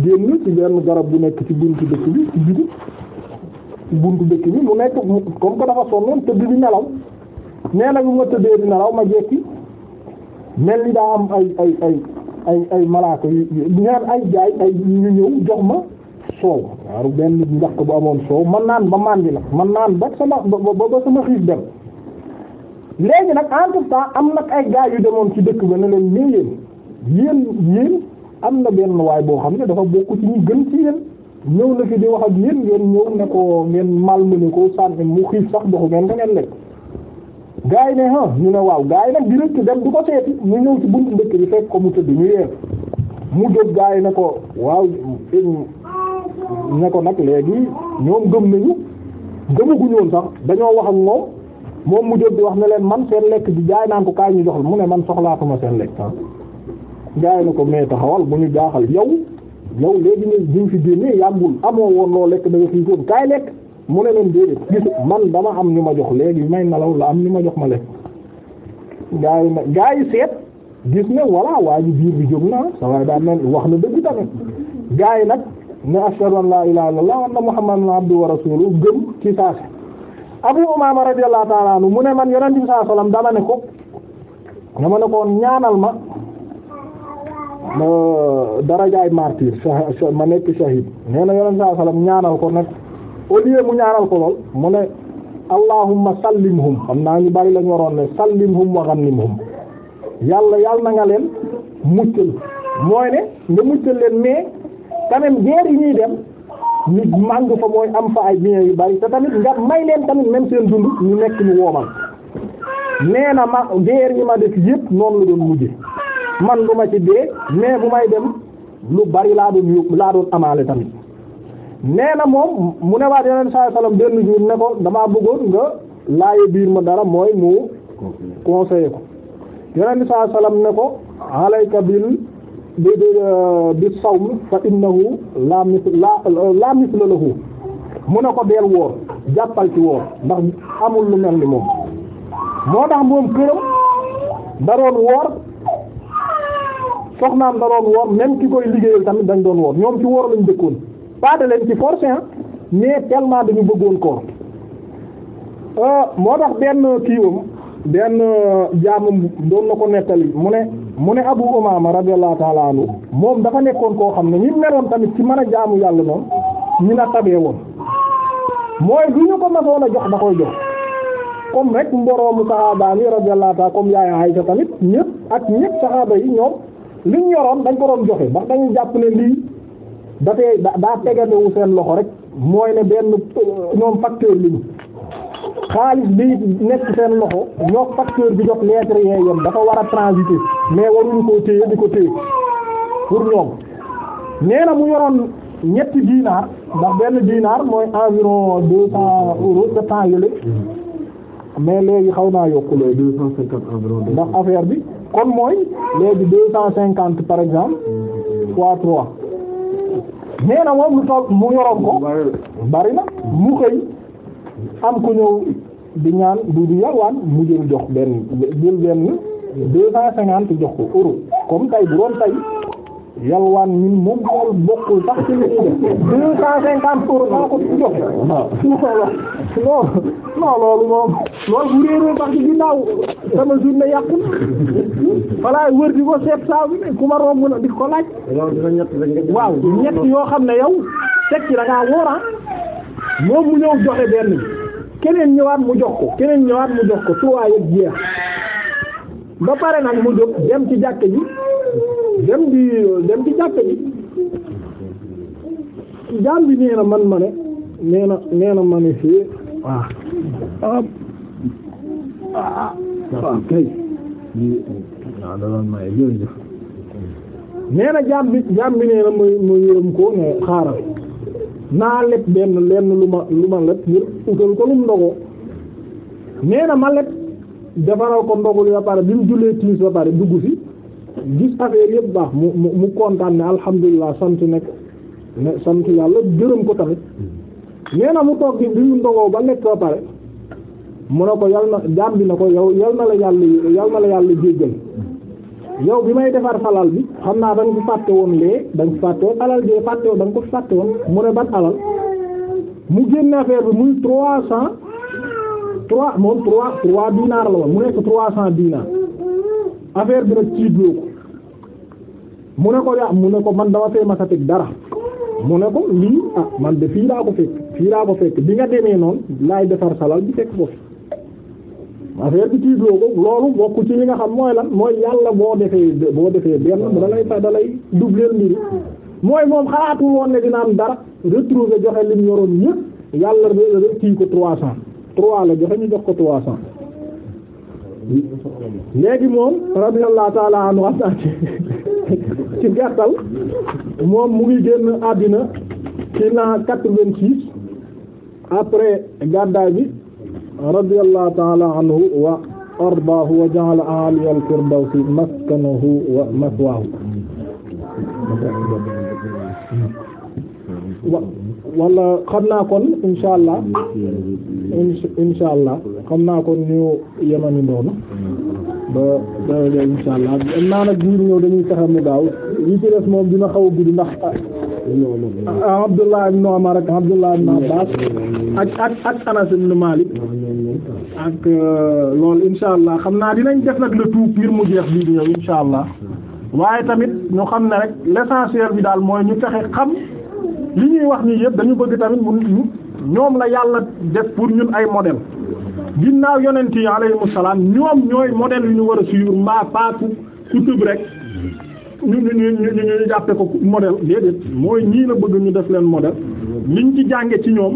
génn ci benn garab bu nekk ci buntu dëkk bi ci biir buntu dëkk bi mu nekk comme ko dafa sonnoon tëdd di nelaw nee na ma tëddee di nelaw ma jekki mel ni daa am ay ay ay ay ay malaaka yu ñaan ay jaay ay ñu ñëw jox ma. soow waaru benn njaq bu amoon soow man naan ba mandi nag man naan ba sama ba ba sama xiif dem léegi nag entre temps am nag ay gaay yu demoon ci dëkk ba ne leen mais yéen yéen yéen am na benn waay boo xam ne dafa bokk ci ñu gën ci yéen ñëw na fi di wax ak yéen ngeen ñëw ne ko ngeen malmené ko sànni mu xiif sax doxu ngeen ko ngeen lekk gaay yi ne ah ñu ne waaw gaay yi nag di rëcc dem du ko seeti ñu ñëw ci buntu dëkk bi fekk ko mu tëdd ñu yeer mu jóg gaay yi ne ko waaw ne ko nag léegi ñoom gëm nañu gëmaguñu woon sax dañoo wax ak moom moom mu jóg di wax na leen man seen lekk bi jaay naan ko kaay ñu jox mu ne man soxlaatuma seen lekk ah jaay na ko mais taxawal bu ñu jaaxal yow yow léegi ñu ñu fi génnee yàggul amoo woon loo lekk da nga fi jóg kaay lekk mu ne leen déedéet gis man dama am ñu ma jox léegi may nalaw la am ñu ma jox ma lekk. gaa yi gaa yi seet gis ne walla waa ji biir bi jóg na ah. sa waaye daal mel wax na dëgg tamit gaa yi nag ne ashhadu an laa ilaaha illallaah wa anna muhammadan abduhu wa rasuluhu gëm ci saase abu umaama radiyallaahu ta'aala anhu mu ne man yonent saa sallallahu alayhi wa sallam dama ne ko dama ne ko ñaanal ma darajaay martyr ma nekk shahid nee na yonent bi wa sallam ñaanal ko nag au mu ñaanal ko lool mu ne allahumma sallimhum xam naa ñu bari lañu waroon ne sallimhum wa ghanimhum yàlla yàlla na nga leen muccal mooy ne nga muccal leen mais quand même guerre yi ñuy dem ñu màng fa mooy am fa ay biens yu bari te tamit nga may leen tamit même seen dund ñu nekk ñu woomal nee na ma guerre ma def yëpp noonu la doon mujje man lu ma ci dee mais bu may dem lu bari laa doon yóbbu laa doon amaale tamit nee na moom mu ne waat yeneen saa salaam benn jour ne ko damaa bëggoon nga laaye biir ma dara mooy mu conseiller ko yeneen saa salaam ne ko alayka bil bi bi sawm fa innahu la la misla lahu mu ko deel woor jàppal ci woor ndax amul lu mel ni moom moo tax moom këram daroon woor soxnaam daroon woor même ki koy liggéeyal tamit dañ doon woor ñoom ci woor lañ dëkkoon pas de leen ci forcé mais tellement dañu bëggoon koor euh, moo tax benn kiiwam benn euh, jaamam doon na ko nettali mu ne mu ne Abu Umaama radiyallahu ta'ala anhu moom dafa nekkoon koo xam ne ñi meloon tamit ci mën a jaamu yàlla noonu ñu na tabee woon mooy lu ñu ko masoon a jox da koy jox comme rek mboroomu saxaaba yi radiyallahu comme yaay Aysa tamit ñëpp ak ñëpp saxaaba yi ñoom liñ ñoroon dañ ko doon joxe ndax dañu jàpp ne lii dafee daa tegatewu seen loxo rek mooy ne benn euh, ñoom facteur liñu xaalis bi nekk seen loxo ñoo facteur bi jox lettre yee dafa war a transiter mais waruñu koo téye di ko téye pour ñoom nee na mu yoroon ñetti dinaar ndax benn dinaar mooy environ deux cents euros sept mais léegi xaw naa yokk léegi deux ndax affaire bi kon mooy léegi deux cent cinquante par exemple fois trois nee na moom lu mu yoroon ko bari na mu xëy am ku ñëw di ñaan du di yalwaan mu jël jox benn jël benn deux cent jox ko euro comme tay bu doon tay yalwaan ñun moom loolu bokkul sax ci li ñuy def deux cent cinquante euros naa ko jox non non loolu moom loolu bu réeroo sax ci sama journée yàqu walla wër di ko seet saa ku ma romb na di ko laaj waaw ñett yoo xam ne yow teg ci da ngaa wóora ah. moom mu ñëw joxe benn keneen ñëwaat mu jox ko keneen ñëwaat mu jox ko suwaa yëpp jeex ba pare nag mu jóg dem ci jàkk ji dem di dem ci jàkka ji jaam bi man ma ne nee na ma ne fii waaw ah ah waaw ah, kay waaw ah, na jaam bi jaam bi nee yërëm ko ne xaaral naa leb benn lenn lu ma lu ma leb ngir utal ko lu mu ndogoo nee na ma leb defaral ko ndogu li pare bi mu jullee timis ba pare dugg fi gis affaire yëpp baax mu mu mu kontaan ne alhamdulilah sant nekk ne sant yàlla gërëm ko tamit nee na mu toog bi mu ndogoo ba lekk ba pare mu ne ko yal na jàmbi na ko yow yal na la yàlla yal na la yàlla jéggal yow bi may defar falal bi xam naa da nga ko fàtte woon lee da nga ko fàtte woon alal jee fàtte woon da nga ko fàtte woon mu ne ban alal mu génn affaire bi muy trois cent trois moom trois trois dinaar la woon mu nekk trois cent dinaar affaire bi nag ciibloo ko mu ne ko ya mu ne ko man dama fee masa teg dara mu ne ko lii ah man de fii laa ko fekk fii laa ko fekk bi nga demee noonu laay defar salal bi fekk foofu affaire bi tiitloo ko loolu bokk ci li nga xam mooy lan mooy yàlla boo defee boo defee benn ah. da lay da lay dubleel mbiri mooy moom xalaatul woon ne dina am dara retrouver joxe lim yoroon ñëpp yàlla kii ko trois cent trois la joxe ñu jox ko trois cent léegi moom radiyallahu ta'ala anhu ci ci gàttal moom mu ngi génn àddina ci l'an quatre-vingt-six après gàddaay bi radiyallahu ta'ala anhu wa ardaahu wa ja'ala a'la al-firdawsi maskanahu wa maswaahu wala xam naa kon insha allah insha allah xam naa kon ñu yemani noonu ba dawde insha allah naa nag biir ñëw dañuy taxam mu gaaw yi ci des moom dina xaw a gudd ndax ah, Abdullah ibn Umar ak Abdullah ibn Abbas ak ak ak Anas ibn Malik ak euh, loolu insha allah xam naa dinañ def nag le tout ngir mu jeex bii di ñëw insha allah waaye tamit ñu xam ne rek l'essentiel bi daal mooy ñu fexe xam li ñuy wax nii yëpp dañu bëgg tamit mu ñoom la yàlla def pour ñun ay modèle ginnaaw yonent yi alayhimu ñu ñoom ñooy modèle yu ñu war a suivre mbaa paaku ku tëb rek ñu ñu ñu ñu ñu jàppe ko modèle déedéet mooy ñii la bëgg ñu def leen modèle liñ ci jànge ci ñoom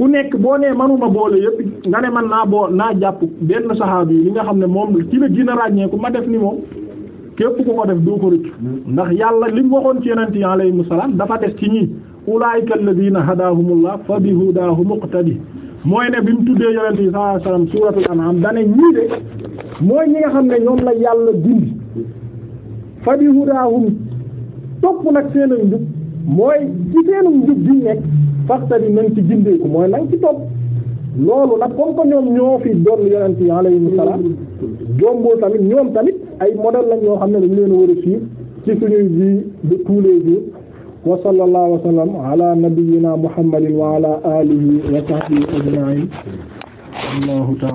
ku nekk boo nee manuma boole yëpp nga ne man naa boo naa jàpp benn saxaabi yi li nga xam ne moom ci la gën a ma def ni moom képp ko ko def doo ko rëcc ndax yàlla li mu waxoon ci yonent yi alayhimu salaam dafa def ci ñii la alladina hadahumullah fa bi hudahu muqtadi mooy ne bi mu tuddee yonent yi sallallahu alayhi wasallam suuratul an'am dane ñii de mooy ñi nga xam ne ñoom la yàlla dindi fa bi hudahum topp nag seen njub mooy ci mu njub bi nekk faxtari nañ ci gindeeku mooy nañ ci topp loolu nag comme que ñoom ñoo fi doon yonent yi alayhimu salaam jomboo tamit ñoom tamit ay modèle lañ yoo xam ne dañ leen war a suivre ci suñuy vie de tous les jours wa sallallahu wa sallam ala nabiyyina muhammadin wa ala alihi wa sahbihi ajma'in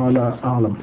allahu